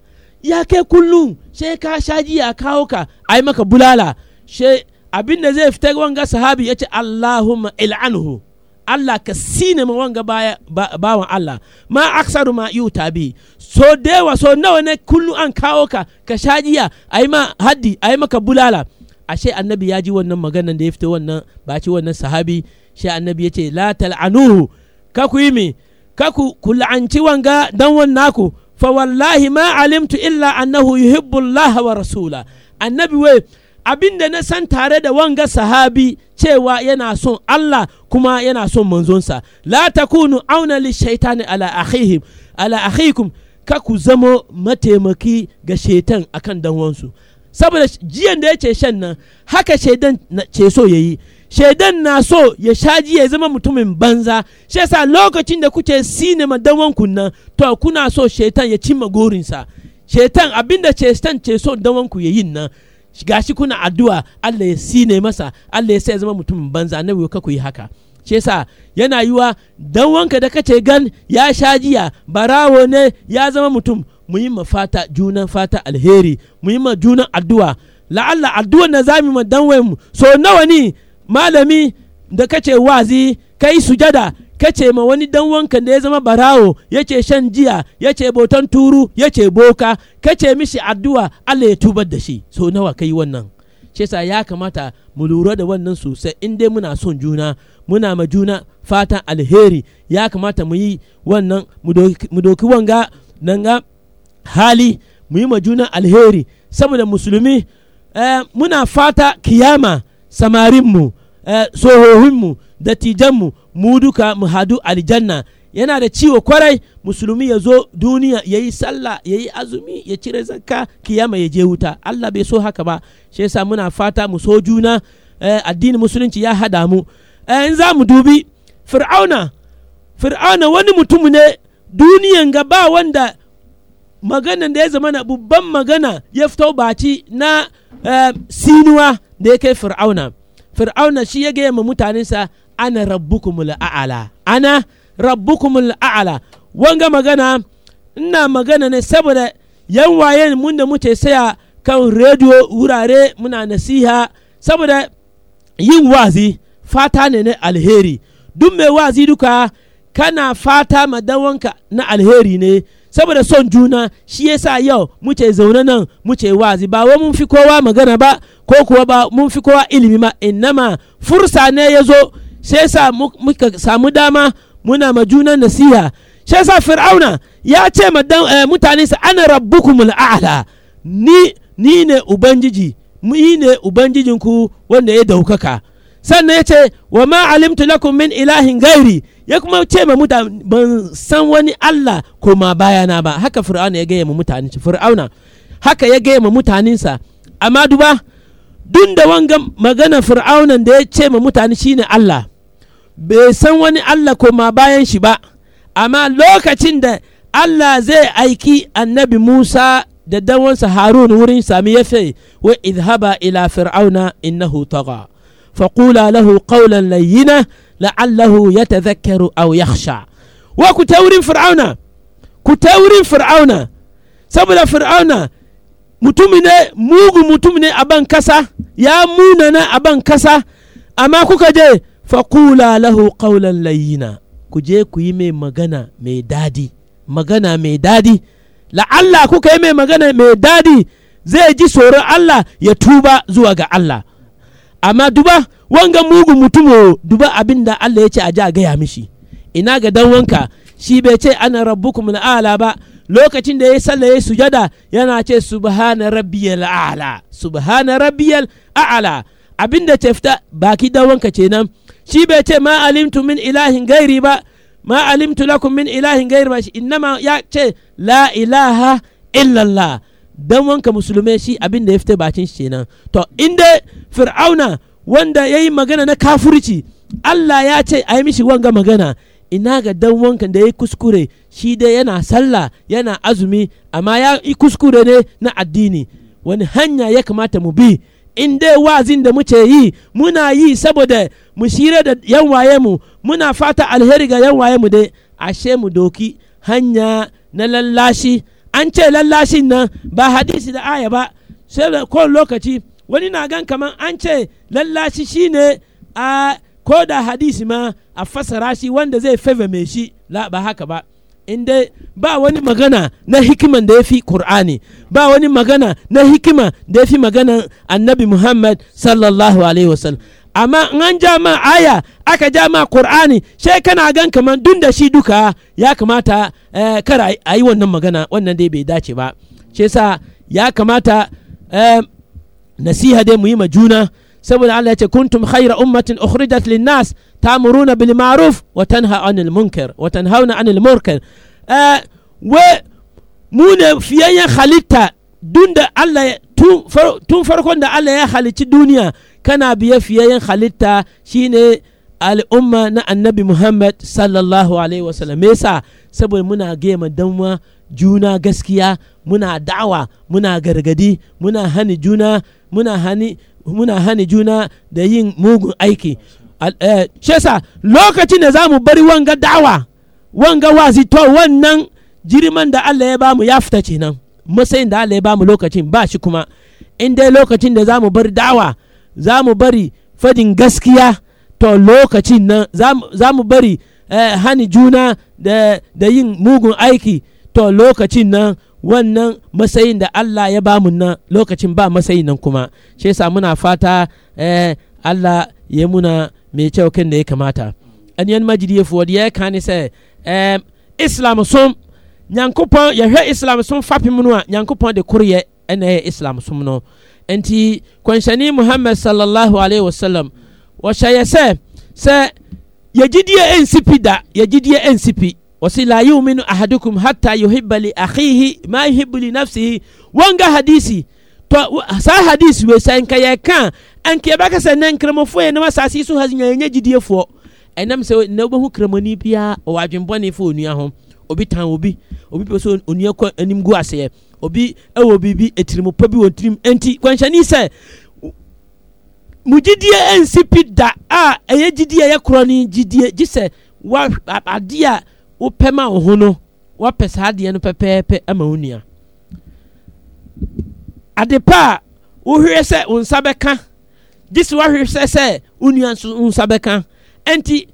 [SPEAKER 2] ya kai kullum shi ka sha jiya kawo ka ai maka bulala shi abin da zai fita wanga sahabi ya ce allahumma il'anhu Allah ka ne ma wanga baya bawan Allah ma aksaru ma yu tabi so dewa so nawa ne kullu an kawo ka ka shajiya ayi ma haddi ayi maka bulala ashe annabi ya ji wannan maganan da ya fito wannan ba ci wannan sahabi shi annabi ya ce la tal'anuhu ka ku yi me ka ku kul'anci wanga dan wannan ku fa wallahi ma alimtu illa annahu yuhibbu Allah wa rasula annabi we abinda na san tare da wanga sahabi cewa yana son Allah kuma yana son manzonsa la takunu auna li shaitani ala akhihim ala akhikum ka ku zamo mataimaki ga shaitan akan danwansu saboda jiyan da ya ce shan nan haka shaidan ce so ya yi shaidan na so ya ji ya zama mutumin banza shi yasa lokacin da kuke sinima danwanku nan to kuna so shaitan ya cimma gorinsa shaitan abinda shaitan ce so danwanku ya yin nan gashi kuna addu'a Allah ya sine masa Allah ya sa ya zama mutumin banza annabi ka ku yi haka shi yasa yana yiwa dan wanka da kace gan ya sha jiya barawo ne ya zama mutum mu yi fata junan fata alheri mu yi junan addu'a la'alla addu'a na zami ma dan so nawa ni malami da kace wazi kai sujada kace ma wani dan wanka da ya zama barawo yace shan jiya yace botan turu yace boka kace mishi addu'a Allah ya tubar da shi so nawa kai wannan ce sa ya kamata mu lura da wannan sosai in dai muna son juna muna ma juna fatan alheri ya kamata mu yi wannan mu doki wanga nan ga hali mu yi ma juna alheri saboda musulmi eh, muna fata kiyama samarinmu eh, tsohohinmu dattijanmu mu duka mu hadu aljanna yana da ciwo kwarai musulmi ya zo duniya ya yi sallah ya yi azumi ya cire zakka kiyama ya je wuta allah bai so haka ba shi yasa muna fata mu so juna eh, addinin musulunci ya hada mu eh, in za mu dubi fir'auna fir'auna wani mutum ne duniyan ga ba wanda maganan da ya zama na babban magana ya fito baci na eh, sinuwa da ya kai fir'auna fir'auna shi ya gaya ma mutanensa ana rabbukumul a'ala ana rabbukumul a'ala wanga magana ina magana ne saboda yan waye mun da muke saya kan rediyo wurare muna nasiha saboda yin wazi fata ne na alheri duk mai wazi duka kana fata madawanka na alheri ne saboda son juna shi yasa yau muke zaune nan muke wazi ba wa mun fi kowa magana ba ko kuwa ba mun fi kowa ilimi ma innama fursa ne ya zo sai sa muka samu dama muna ma junan nasiha sai sa fir'auna ya ce eh, mutane sa ana rabbukum al'ala ni ni ne ubangiji ni ne ubangijinku wanda ya daukaka sannan ya ce wa ma alimtu lakum min ilahin gairi ya kuma ce ma mutane ban san wani Allah ko ma bayana ba haka fir'auna ya gaya ma mutane fir'auna haka ya gaya ma mutanensa amma duba dun da wanga magana fir'aunan da ya ce ma mutane shine Allah bai san wani Allah koma bayan shi ba amma lokacin da Allah zai aiki annabi Musa da danwansa Harun wurin sami ya fe wa idhaba ila fir'auna innahu tagha faƙula lahu ƙaunan layyina la'allahu yatadhakkaru au yakhsha wa ku wurin fir'auna ku wurin fir'auna saboda fir'auna mutumi ne mugu mutum ne a ban kasa ya munana a ban kasa amma kuka je faƙula lahu ƙaunan layina ku je ku yi mai magana mai dadi magana mai dadi la'alla kuka yi mai magana mai dadi zai ji tsoron Allah ya tuba zuwa ga Allah amma duba wanga mugu mutumo duba abin da Allah ya ce a ja ya gaya mishi ina ga dan wanka shi bai ce ana rabbukum ala ba lokacin da ya sallaye ya sujada yana ce subhana rabbiyal a'la subhana rabbiyal a'la abin da ce baki dan wanka kenan shi bai ce ma alimtu min ilahin gairi ba ma alimtu lakum min ilahin gairi ba shi innama ya ce la ilaha illallah dan wanka musulmai shi abin da ya fita bacin shi kenan to inda fir'auna wanda ya yi magana na kafurci Allah ya ce a yi mishi wanga magana ina ga dan wanka da ya kuskure shi dai yana sallah yana azumi amma ya yi kuskure ne na addini wani hanya ya kamata mu bi in dai wazin da muke yi muna yi saboda mu shire da yan waye mu muna fata alheri ga yan waye mu dai ashe mu doki hanya na lallashi an ce lallashin nan ba hadisi da aya ba sai da kowane lokaci wani na gan kaman an ce lallashi shine a ko da hadisi ma a fasara shi wanda zai feve mai shi ba haka ba in ba wani magana na hikiman da ya fi ƙur'ani ba wani magana na hikima da ya fi maganan annabi muhammad sallallahu alaihi wasallam amma in an ja ma aya aka ja ma ƙur'ani sai kana gan kamar dun da shi duka ya kamata eh, kar a yi wannan magana wannan dai bai dace ba shi ya kamata eh, nasiha dai mu yi ma juna سبل التي كنتم خير أمة أخرجت للناس تأمرون بالمعروف وتنهى عن المنكر وتنهون عن المنكر آه و مون في أي خليتا دون دا الله تون فرقون دا الله يا خليتي دنيا كان بيا في أي خليتا شيني الأمة نا النبي محمد صلى الله عليه وسلم ميسا سبل منا جيما دموا جونا جسكيا منا دعوة منا جرجدي منا هني جونا منا هني muna hana juna da yin mugun aiki eh, shesa lokacin da za mu bari wanga da'wa wanga wazi to wannan jirman da Allah ya bamu ya fita ce nan matsayin da Allah ya ba mu lokacin ba shi kuma in dai lokacin da za mu bari da'wa za mu bari fadin gaskiya to lokacin nan za mu bari eh, hani juna da yin mugun aiki to lokacin nan wannan matsayin da Allah ya ba mu nan lokacin ba matsayin nan kuma shi yasa muna fata eh, Allah ya muna mai kyau kan da ya kamata an yan majidi ya fuwa ya kani sai eh, islam sun ya yɛhwɛ islam sun fafi munuwa a da de ana ɛna islam sun no enti kwanshani muhammad sallallahu alaihi wasallam wa yɛ sai sɛ yɛgyidie NCP da ya ɛnsi ncp wasi la yuminu ahadukum hatta yuhibba li akhihi ma yuhibbu li wanga hadisi to sa hadisi we sɛ nka yɛka anka yɛbɛka sɛ nɛ nkramofoɔ yɛ nam asase so ha nyanyɛ gyidiefoɔ ɛnam sɛ na ni kramoni biaa ɔwɔ adwembɔne fa onua ho obi tan obi obi pɛ sɛ onua kɔ anim gu aseɛ obi ɛwɔ biribi etirimu pa bi wɔ tirim enti kwanhyɛni sɛ mu gyidie nsi da a ɛyɛ gyidie yɛ korɔ ne gyidie gyi wa adeɛ a wopɛ ma wo ho no woapɛ saa adeɛ no pɛpɛɛpɛ ama wo nua ade pa a wohwehwɛ sɛ wo nsa bɛka gye sɛ woahwehwɛ sɛ wo nua nso wo nsa bɛka ɛnti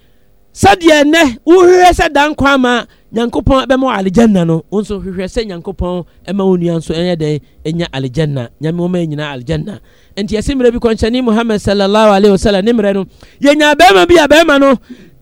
[SPEAKER 2] sɛdeɛ ɛnɛ wohwehwɛ sɛ da nkwa ama nyankopɔn bɛma wo aligyanna no wo nso hwehwɛ sɛ nyankopɔn ɛma wo nua nso ɛnyɛ dɛn ɛnya aligyanna nyame wɔma nyinaa aligyanna ɛnti ɛse mmerɛ bi kɔnhyɛne muhammad sallallahu alaihi wasallam ne mmerɛ no yɛnya bɛrima bi a bɛrima no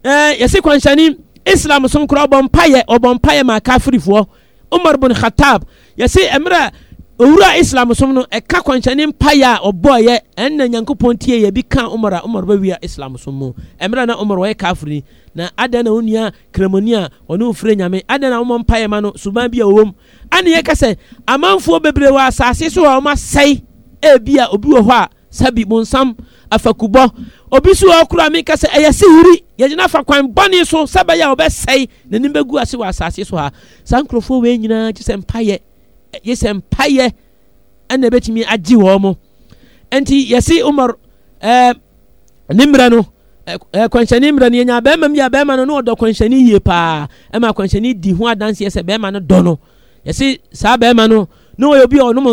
[SPEAKER 2] ɛɛ yɛse kɔnhyɛne islam som koraa ɔbɔ mpayɛ ɔbɔ mpayɛ ma kafirifoɔ umar bin khatab yɛsi mmerɛ owura islam som no ɛka e kɔnkyɛnni mpayɛ a ɔbɔɔyɛ ɛnna nyankopɔn tie yɛ bi kan umar a umar bɛwia islam som mu mmerɛ na umar wɔyɛ kafiri na adan na wɔn nua kremoni a ɔne ofure nyame adan na wɔn mpayɛ ma no suban bi a wɔwɔm ɛnna yɛ kɛsɛ amanfoɔ bebree wɔ asaase so a wɔn asɛe ebi a obi wɔ hɔ a sabi bonsam afakubɔ obi si wɔ kura mi kasa ɛyɛ sihiri yɛgyina afa kwan bɔne so sɛbɛyɛ a n'anim bɛgu ase wɔ asase so ha saa nkurɔfoɔ wei nyinaa gye sɛ mpayɛ gye sɛ mpayɛ ɛna ɛbɛtumi agye wɔn mo nti yɛsi umar ɛɛ eh, ne mmerɛ no ɛɛ eh, eh, kwanhyɛni mmerɛ no yɛnya bɛrima mi a bɛrima no ne ɔdɔ kwanhyɛni yie paa ɛma kwanhyɛni di ho adanseɛ sɛ bɛrima no dɔ no yɛsi saa bɛrima no ne wɔyɛ obi a ɔnom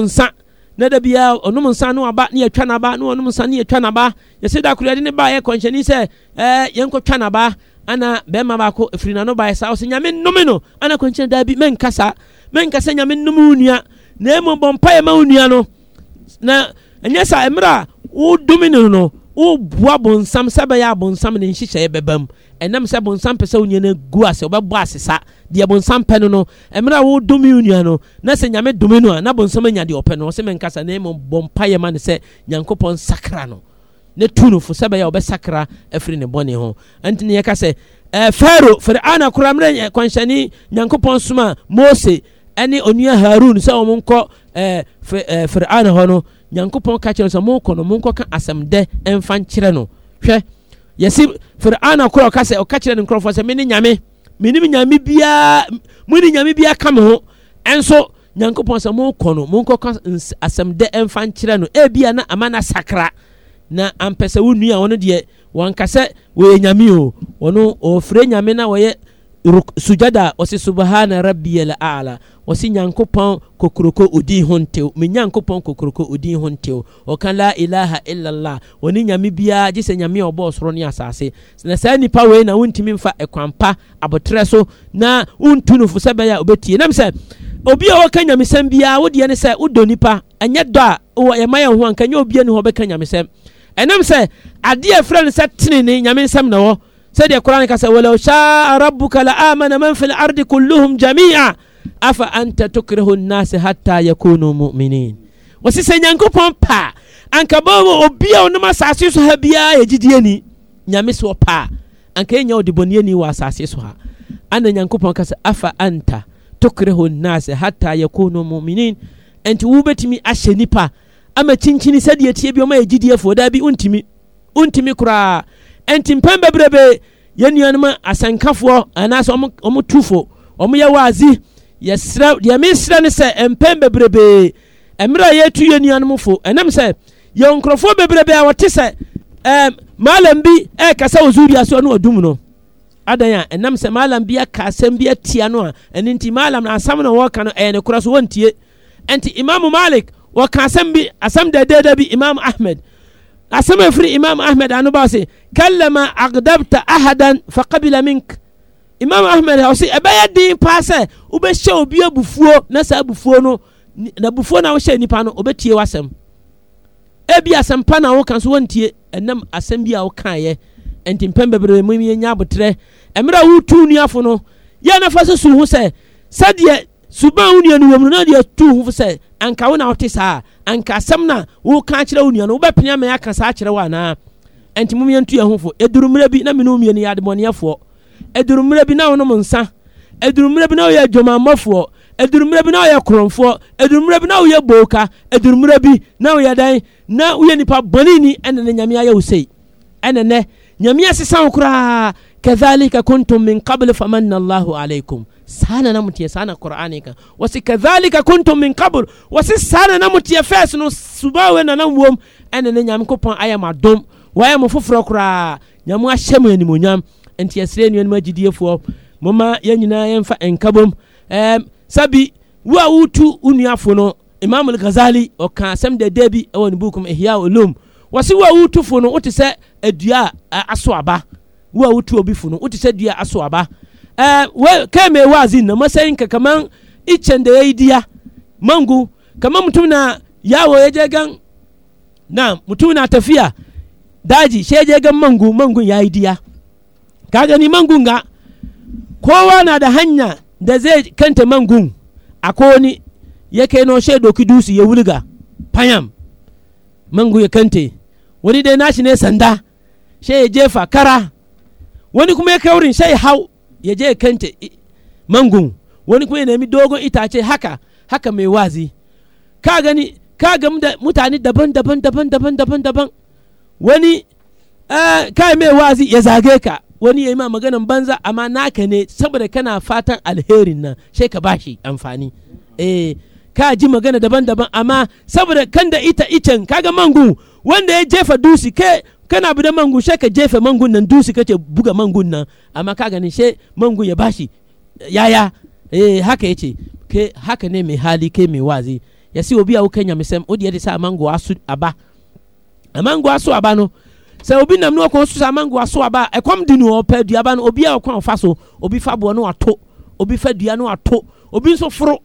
[SPEAKER 2] na da bia ɔnom nsa ne waba ne yɛtwa naba ne ɔnom nsa ne yɛtwa naba yɛsɛ da akodeɛ de ne baayɛ kɔnhyɛni sɛ ɛɛ yɛnkɔtwa naba ana bɛrima baako efiri n'ano baayɛ saa ɔsɛ nyame nnome no ana kɔnhyɛn daa bi mɛnka saa mɛnka sɛ nyame nnome wo nua na emu bɔ mpa yɛ ma wo no na ɛnyɛ saa mmerɛ a wodome no no wobu abonsam sɛ bɛyɛ abonsam ne nhyehyɛeɛ bɛba mu ɛnam sɛ bonsam pɛ sɛ wonyɛ no gu ase wobɛbɔ asesa deɛ bonsam pɛ no no mmerɛ a wodome wo nua no na sɛ nyame dome no a na bonsam anya deɛ ɔpɛ no ɔsɛ menkasa na mmom bɔ mpayɛ ma no sɛ nyankopɔn sakra no ne tu no fo sɛ bɛyɛ a wɔbɛsakra afiri ne bɔne ho ɛnti ne yɛka sɛ ɛɛ fɛro firiana koraa mmerɛ kwanhyɛne nyankopɔn soma mose ɛne onua harun sɛ wɔn nkɔ ɛɛ ana hɔ no nyankopɔn ka kyerɛ no sɛ monkɔ no monkɔka asɛmdɛ ɛmfa nkyerɛ no hwɛ yɛsi firiana korɔ ɔka sɛ ɔka kyerɛ ne nkurɔfoɔ sɛ mene nyame menim nyame biaa mone nyame biaa ka me ho ɛnso nyankopɔn sɛ monkɔ no monkɔka asɛmdɛ ɛmfa nkyerɛ no ebia na ama na sakra na ampɛ sɛ wo nua ɔno deɛ wanka sɛ wɔyɛ nyame o ɔno ɔfrɛ nyame na wɔyɛ sujada ɔsi subahana rabbiyal ala ɔsi nyankopɔn kokoroko odi ho ntew me nyankopɔn kokoroko odi ho ntew ɔka la ilaha illallah ɔne nyame biara gye sɛ nyame a ɔbɔɔ soro ne asase na saa nipa wei na wontumi mfa ɛkwan pa abɔtrɛ so na wontu no fo sɛ bɛyɛ a wobɛtie nam sɛ obi a wɔka nyamesɛm biara wodeɛ ne sɛ wodɔ nipa ɛnyɛ dɔ a yɛma yɛn ho anka nyɛ obia ne hɔ bɛka nyamesɛm ɛnam sɛ adeɛ ɛfrɛ no sɛ tenene nyame nsɛm na wɔ saidia Qur'ani kasa walau shaa rabuka la amana man fi lardi kulluhum jami'a afa anta tukrihu nnase hatta yakunu muminin wɔsi sɛ nyankopɔn pa anka bɔbɔ obia onom asase so ha biaa yɛ gyidieni nyame soɔ paa anka ɛnya bɔneani wɔ asase so ha ana nyankopɔn ka sɛ afa anta tukrihu nnase hatta yakunu muminin ɛnti wobɛtumi ahyɛ nipa ama kyinkyini sɛdeɛ tie bi ɔma yɛ gyidiefoɔ daa bi wontimi wontimi koraa ɛnti mpɛn bebrebe yɛn nuanom asɛnkafoɔ anaasɛ ɔmo tufo ɔmo yɛ waazi yɛsrɛ deɛ mesrɛ no sɛ mpɛn bebrebe mmerɛ a yɛtu yɛn nuanom fo ɛnam sɛ yɛn nkurɔfoɔ bebrebe a wɔte sɛ ɛɛm maalam bi ɛɛkasa wɔ zuuri aso no ɔdum no adan a ɛnam sɛ maalam bi aka asɛm bi atia no a ɛno nti maalam na asam na wɔreka no ɛyɛ ne korɔ so wɔntie ɛnti imam malik wɔka asɛm bi asɛm dɛdɛɛdɛ bi imam ahmed asɛm ɛfiri imam ahmed ano ba se kalama agdabta ahadan fakabila mink imam ahmed ɔse ɛbɛyɛ den paa sɛ wobɛhyɛ obi abufuo na saa abufuo no nabufuo no a wohyɛ nipa no obɛtie w'asɛm ebi asɛm pa na woka so wɔntie ɛnam asɛm bi a wokaeɛ ɛnti mpɛn bebree mu yɛnya abotrɛ ɛmerɛ a wotu nuafo no yɛ na so su ho sɛ sɛdeɛ suban wo nua no wɔ mu no na deɛ tu ho sɛ anka wo na wote saa anka asɛm na woka akyerɛ wo nua no wobɛpene ama aka saa akyerɛ wo anaa ɛnti momiɛnto yɛ hofo ɛduru mmerɛ bi na mene womienu yɛ adebɔneɛfoɔ ɛduru bi na wonom nsa ɛduru mmerɛ bi na woyɛ adwamammɔfoɔ ɛduru bi na woyɛ korɔmfoɔ ɛduru bi na woyɛ booka ɛduru mmerɛ bi na woyɛ dan na woyɛ nipa bɔneni ɛne ne nyame ayɛ wo sei ɛne nɛ nyame asesa wo koraa kadhalika kuntum min qabl famanna allahu alaikum sana na mutiya sana qur'ani kan wasi kadhalika kuntum min qabl wasi sana na mutiya fes no suba we na nam wom ɛne ne nyame kopɔn ayɛ ma dom wayɛ mo fofro kra nyam a hyem ani mo nyam animonyam ni ani nnuanom agyidiefoɔ mo ma ya nyina nkabom um, enkabom em sabi wa wutu nuafo no imam al-ghazali o ɔka asɛm de bi e ne bukum ihya ulum wasi wa wutu fo no wote se eh, adua eh, aso aba wa wutu obi fo no wote se adua aso aba Eh, kai mai wazi na matsayin ka kaman iccen da ya yi diya mangu kaman mutum na yawo ya je gan na mutum na tafiya daji shi je gan mangu mangun ya yi diya ka gani mangun ga kowa na da hanya da zai kanta mangun a koni ya kai no shi doki dusu ya wulga fayam mangu ya kante wani dai nashi ne sanda shi ya jefa kara wani kuma ya kaurin shi hau ya je kanta mangun wani kuma ya nemi dogon itace haka haka mai wazi ka gani ka gamu da mutane daban daban daban daban daban daban wani eh, ka mai wazi ya zage ka wani ya yi ma maganan banza amma naka ne saboda kana fatan alherin nan sai ka bashi amfani eh ka ji magana daban-daban amma saboda kan da ita icen kaga mangu wanda ya jefa dusi ke kana bi mangu sai jefe mangu nan dusi kace buga mangu nan amma kaga ni she mangu ya bashi yaya eh haka yace ke haka ne mai hali ke mai wazi ya si obi a ukenya misem odi ya de sa mango asu aba mangu asu aba no sɛ obi nam ne ɔkɔn susa sɛ amango aso aba ɛkɔm e di no ɔpɛ aduaba no obi a ɔkɔn ɔfa so obi fa boɔ no ato obi fa dua no ato obi nso foro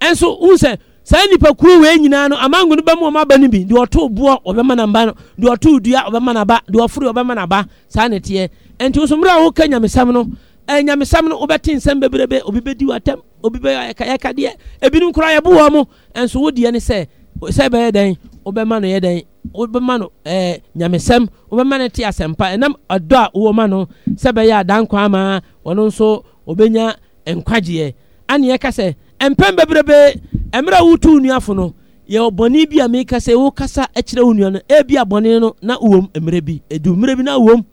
[SPEAKER 2] ɛnso n sɛ saa nipakuo wei nyinaa no amango no bɛma ɔma ba no bi deɛ ɔto boɔ ɔbɛma na ba no deɛ ɔto dua ɔbɛma na ba deɛ ɔforo ɔbɛma na ba saa ne teɛ nti nso mmerɛ a woka nyamesam no nyamesam no wobɛte nsɛm bebrebe obi bɛdi watam obi bɛyɛ yɛkadeɛ ebinom koraa yɛbo wɔ mo nso wodeɛ ne sɛ sɛ bɛyɛ dɛn wobɛma no yɛ dɛn wobɛma no ɛɛ nyamesɛm wobɛma no te asɛmpa ɛnam ɔdɔ a wowɔ ma no sɛ bɛyɛ adankwa ama ɔno nso obɛnya nkwagyeɛ aneɛ ka sɛ mpɛn bebrebe mmerɛ wotu nnuafo no yɛwɔ bɔne bi a meka sɛ wokasa kyerɛ wo nua no ebia bɔne no na wom mmerɛ bi ɛdu mmerɛ bi na wom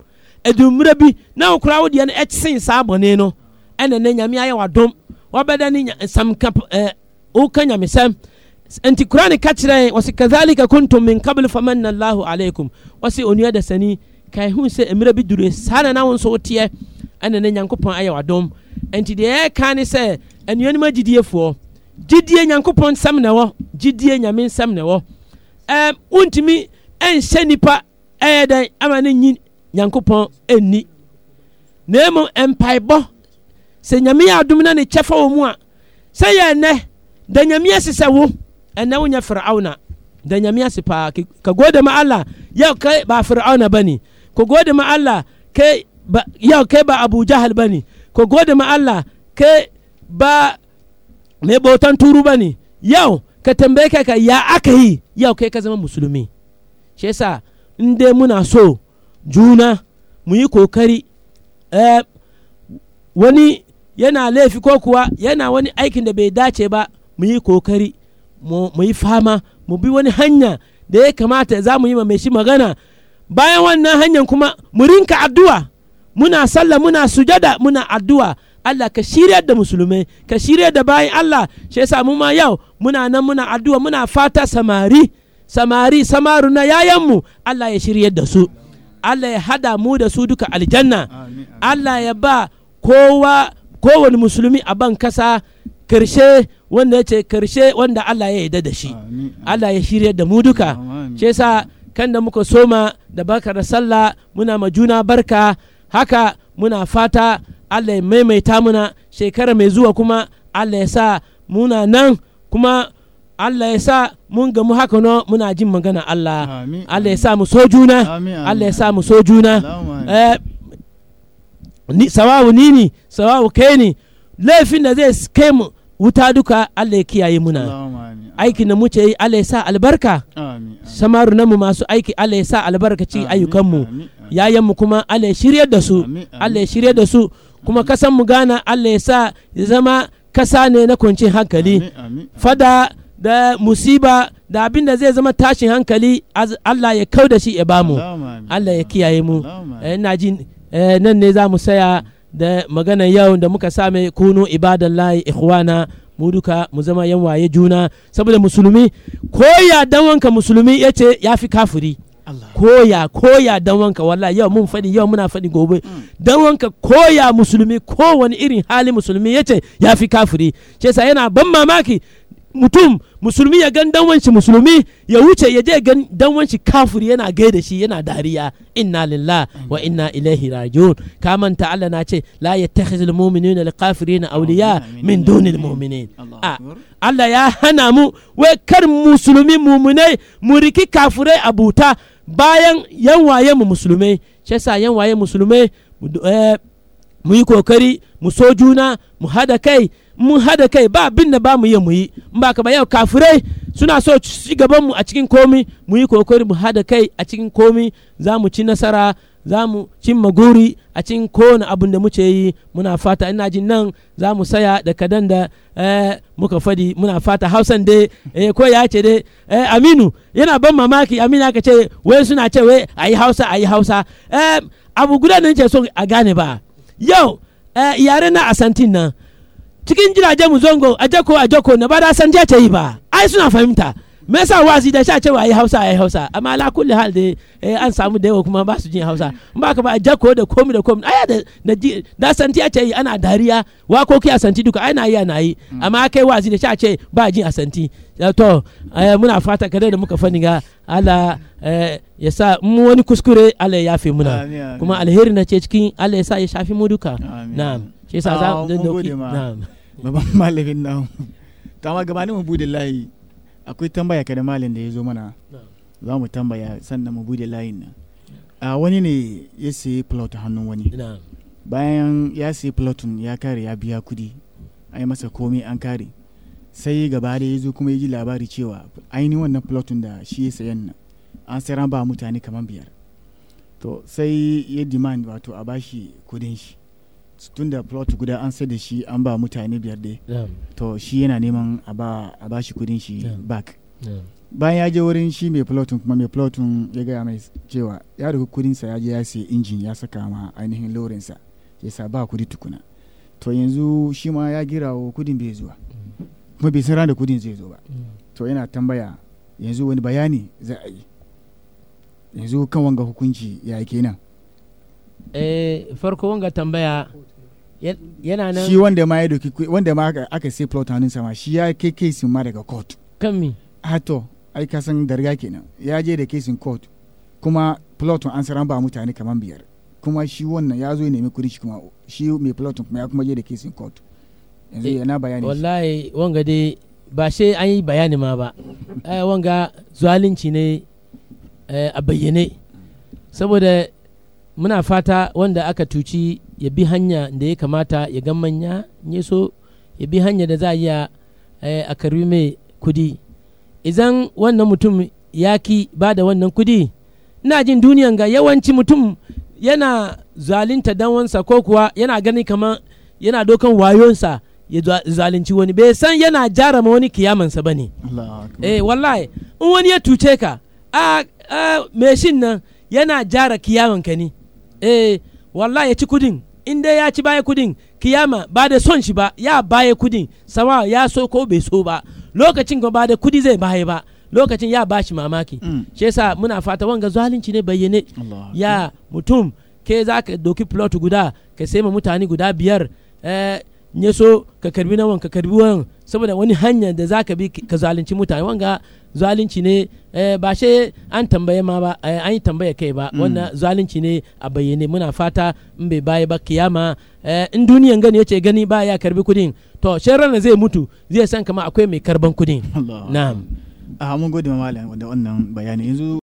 [SPEAKER 2] ɛdu mmerɛ bi na wokora wo deɛ no ɛkyen saa bɔne no ɛne ne nyame ayɛ wadom wabɛda ne nsamka ɛɛ woka nyamesɛm nti kurane ka kyerɛ wɔsi kadhalika kuntum min kabli famanna allahu aleikum, wɔsi onua dasani kae hu sɛ mmerɛ bi dure saa na na wo nso woteɛ ɛne ne nyankopɔn ayɛ wadom nti deɛ ɛka ne sɛ anuanom agyidiefoɔ gyidie nyankopɔn nsɛm na ɛwɔ gyidie nyame nsɛm na ɛwɔ ɛɛm um, wontumi ɛnhyɛ nipa ɛyɛ dɛn ama ne nyi nyankopɔn ɛnni na emu mpaebɔ sɛ nyame yɛ adom na ne kyɛfa wɔ mu a sɛ yɛ ɛnɛ da nyame ase sɛ wo ɛnɛ wonyɛ firaona da nyame ase paa ka gode ma allah yau kai ba firauna bane ka gode ma allah ba yau kai ba abu jahal bane ka gode ma allah kai ba mai bautan turu ba ne yau ka tambaye ka ya aka yi yau kai ka zama musulmi shi yasa in dai muna so juna mu yi kokari eh, wani yana laifi ko kuwa yana wani aikin da bai dace ba mu yi kokari mu yi fama mu bi wani hanya da ya kamata za mu yi mai shi magana bayan wannan hanyar kuma mu rinka addu'a muna sallah muna sujada muna addu'a Allah ka shirya da musulmai ka shirya da bayan Allah shi yasa mu ma yau muna nan muna addu'a muna fata samari samari samaru na yayanmu Allah ya shirya da su Allah ya hada mu da su duka aljanna Allah ya ba kowa kowane musulmi a ban kasa karshe wanda ya karshe wanda Allah ya yarda da shi Allah ya shirya da mu duka shi yasa kan da muka soma da barka da sallah muna ma juna barka haka muna fata Allah ya maimaita muna shekara mai zuwa kuma Allah ya sa muna nan kuma Allah ya sa mun gamu haka no muna jin magana Allah Allah ya sa mu so juna Allah ya sa mu so juna ni sawawu ni ni sawawu kai ni laifin da zai kai mu wuta duka Allah ya kiyaye muna aiki na muke yi Allah ya sa albarka samaru mu masu aiki Allah ya sa albarkaci yayan mu kuma Allah ya shiryar da su Allah ya shiryar da su kuma kasan mu gana Allah ya sa ya zama kasa ne na kwancin hankali fada da musiba da abinda zai zama tashin hankali Allah ya kau da shi ya bamu Allah ya kiyaye mu eh, ina ji eh, nan ne za mu saya da maganar yau da muka sa mai ibadan ibadallahi ikhwana mu duka mu zama yan waye juna saboda musulmi ko ya dan wanka musulmi yace ya fi kafiri koya koya dan wanka wallahi yau mun faɗi yau muna faɗi gobe mm. dan wanka koya musulmi kowane irin hali musulmi yace ya fi kafiri ce yasa yana ban mamaki mutum musulmi ya gan dan wanci musulmi ya wuce ya je gan wanci kafiri yana gaida shi yana dariya inna lillah wa inna ilaihi rajiun ka manta Allah na ce la yattakhizul mu'minuna lil kafirin awliya min dunil mu'minin ah, Allah ya hana mu wai kar musulmi mu'minai mu riki kafirai abuta bayan yan waye mu musulmai shi yasa yan waye musulmai mu eh, yi kokari mu so juna mu hada kai mun hada kai ba abin da ba mu yi mu yi in ba ba yau kafirai suna so ci gaban mu a cikin komi mu yi kokari mu hada kai a cikin komi za mu ci nasara za mu cimma guri a cikin kowane abin da muke yi muna fata ina jin nan za mu saya da kadan da eh, muka fadi muna fata hausan dai eh, ko ya ce dai eh, aminu yana ban mamaki aminu aka ce wai suna ce wai a yi hausa a yi hausa abu guda nan ce so a gane ba yau yare na asantin nan cikin jiragen mu zongo a jako a jako na ba da san ce yi ba ai suna fahimta me yasa wazi da sha cewa yi hausa yi hausa amma ala kulli hal dai eh, an samu da yawa kuma ba su jin hausa in ba ka ba jako da komi da komi aya da na ji da santi ya ce ana dariya wakoki a santi duka ana yi ana yi mm. amma kai wazi da sha ce ba jin a santi eh, to eh, muna fata kada da muka fani ga ala ya sa mu wani kuskure ala ya fi muna kuma alheri na ce cikin ala ya sa ya shafi mu duka na'am shi yasa za mu na'am
[SPEAKER 1] malafin nan ta ma gabanin mu budillahi akwai tambaya ka da malin da ya zo mana za mu tambaya sannan mu bude layin nan a wani ne ya sayi plot hannun wani bayan ya sayi plotin ya kare ya biya kudi a yi masa komai an kare sai gaba da ya zo kuma ya ji labari cewa ainihin wannan plotin da shi ya sayan nan an sayar ba mutane kamar biyar to sai ya demand wato a bashi kudin shi tun da plot guda an sai da shi an ba mutane biyar dai to shi yana neman a ba shi kudin shi back bayan ya je wurin shi mai plotin kuma mai plotin ya gaya mai cewa ya rufe kudinsa ya je ya sai injin ya saka ma ainihin lorinsa ya sa ba kudi tukuna to yanzu shi ma ya girawo kudin bai zuwa mm. kuma bai san da kudin zai zo ba mm. to yana tambaya yanzu wani bayani za a yi yanzu kan wanga hukunci ya kenan
[SPEAKER 2] eh farko wanga tambaya yana nan shi wanda
[SPEAKER 1] ma ya doki wanda ma aka sai plot hannun sama shi ya kai kesin ma daga court kan mi hato ah, ai ka san darga kenan ya je da kesin court kuma plot an saran ba mutane kaman biyar kuma shi wannan ya zo ya nemi kudi shi kuma shi mai plot kuma ya kuma je da kesin court yanzu eh, yana bayani
[SPEAKER 2] wallahi wanga dai ba sai an yi bayani ma ba eh, wanga zalunci ne eh, a bayyane saboda muna fata wanda aka tuci ya bi hanya da ya kamata ya gan manya ya so ya bi hanya da za a iya eh, a karbi mai kudi idan wannan mutum ya ki ba da wannan kudi na jin duniyan ga yawanci mutum yana zalinta danwansa ko kuwa yana gani kamar yana dokan wayonsa ya zalunci wani bai san yana jara ma wani kiyamansa ba ne eh wallahi in wani ya tuce ka a, a nan yana jara kiyamanka ne eh wallahi ya ci kudin in dai ya ci baya kudin kiyama ba da son shi ba ya baya kudin sama ya so ko bai so ba lokacin ba da kudi zai baya ba lokacin ya bashi mamaki mm. shi yasa muna fata wanga zalunci ne bayyane ya mutum ke za ka doki plot guda ka sai ma mutane guda biyar eh, ya so ka karbi nawan ka karbi wan saboda wani hanya da za ka bi ka zalunci mutane wanga zalunci ne eh, ba she an tambaye ma ba eh, an yi tambaya kai ba mm. wannan zalunci ne a bayyane muna fata in bai baya ba kiyama eh, in duniyan gani yace gani ba ya karbi kudin to shi ranar zai mutu zai san kama akwai mai karban kudin
[SPEAKER 1] na'am a ah, mun gode malam da wannan bayani yanzu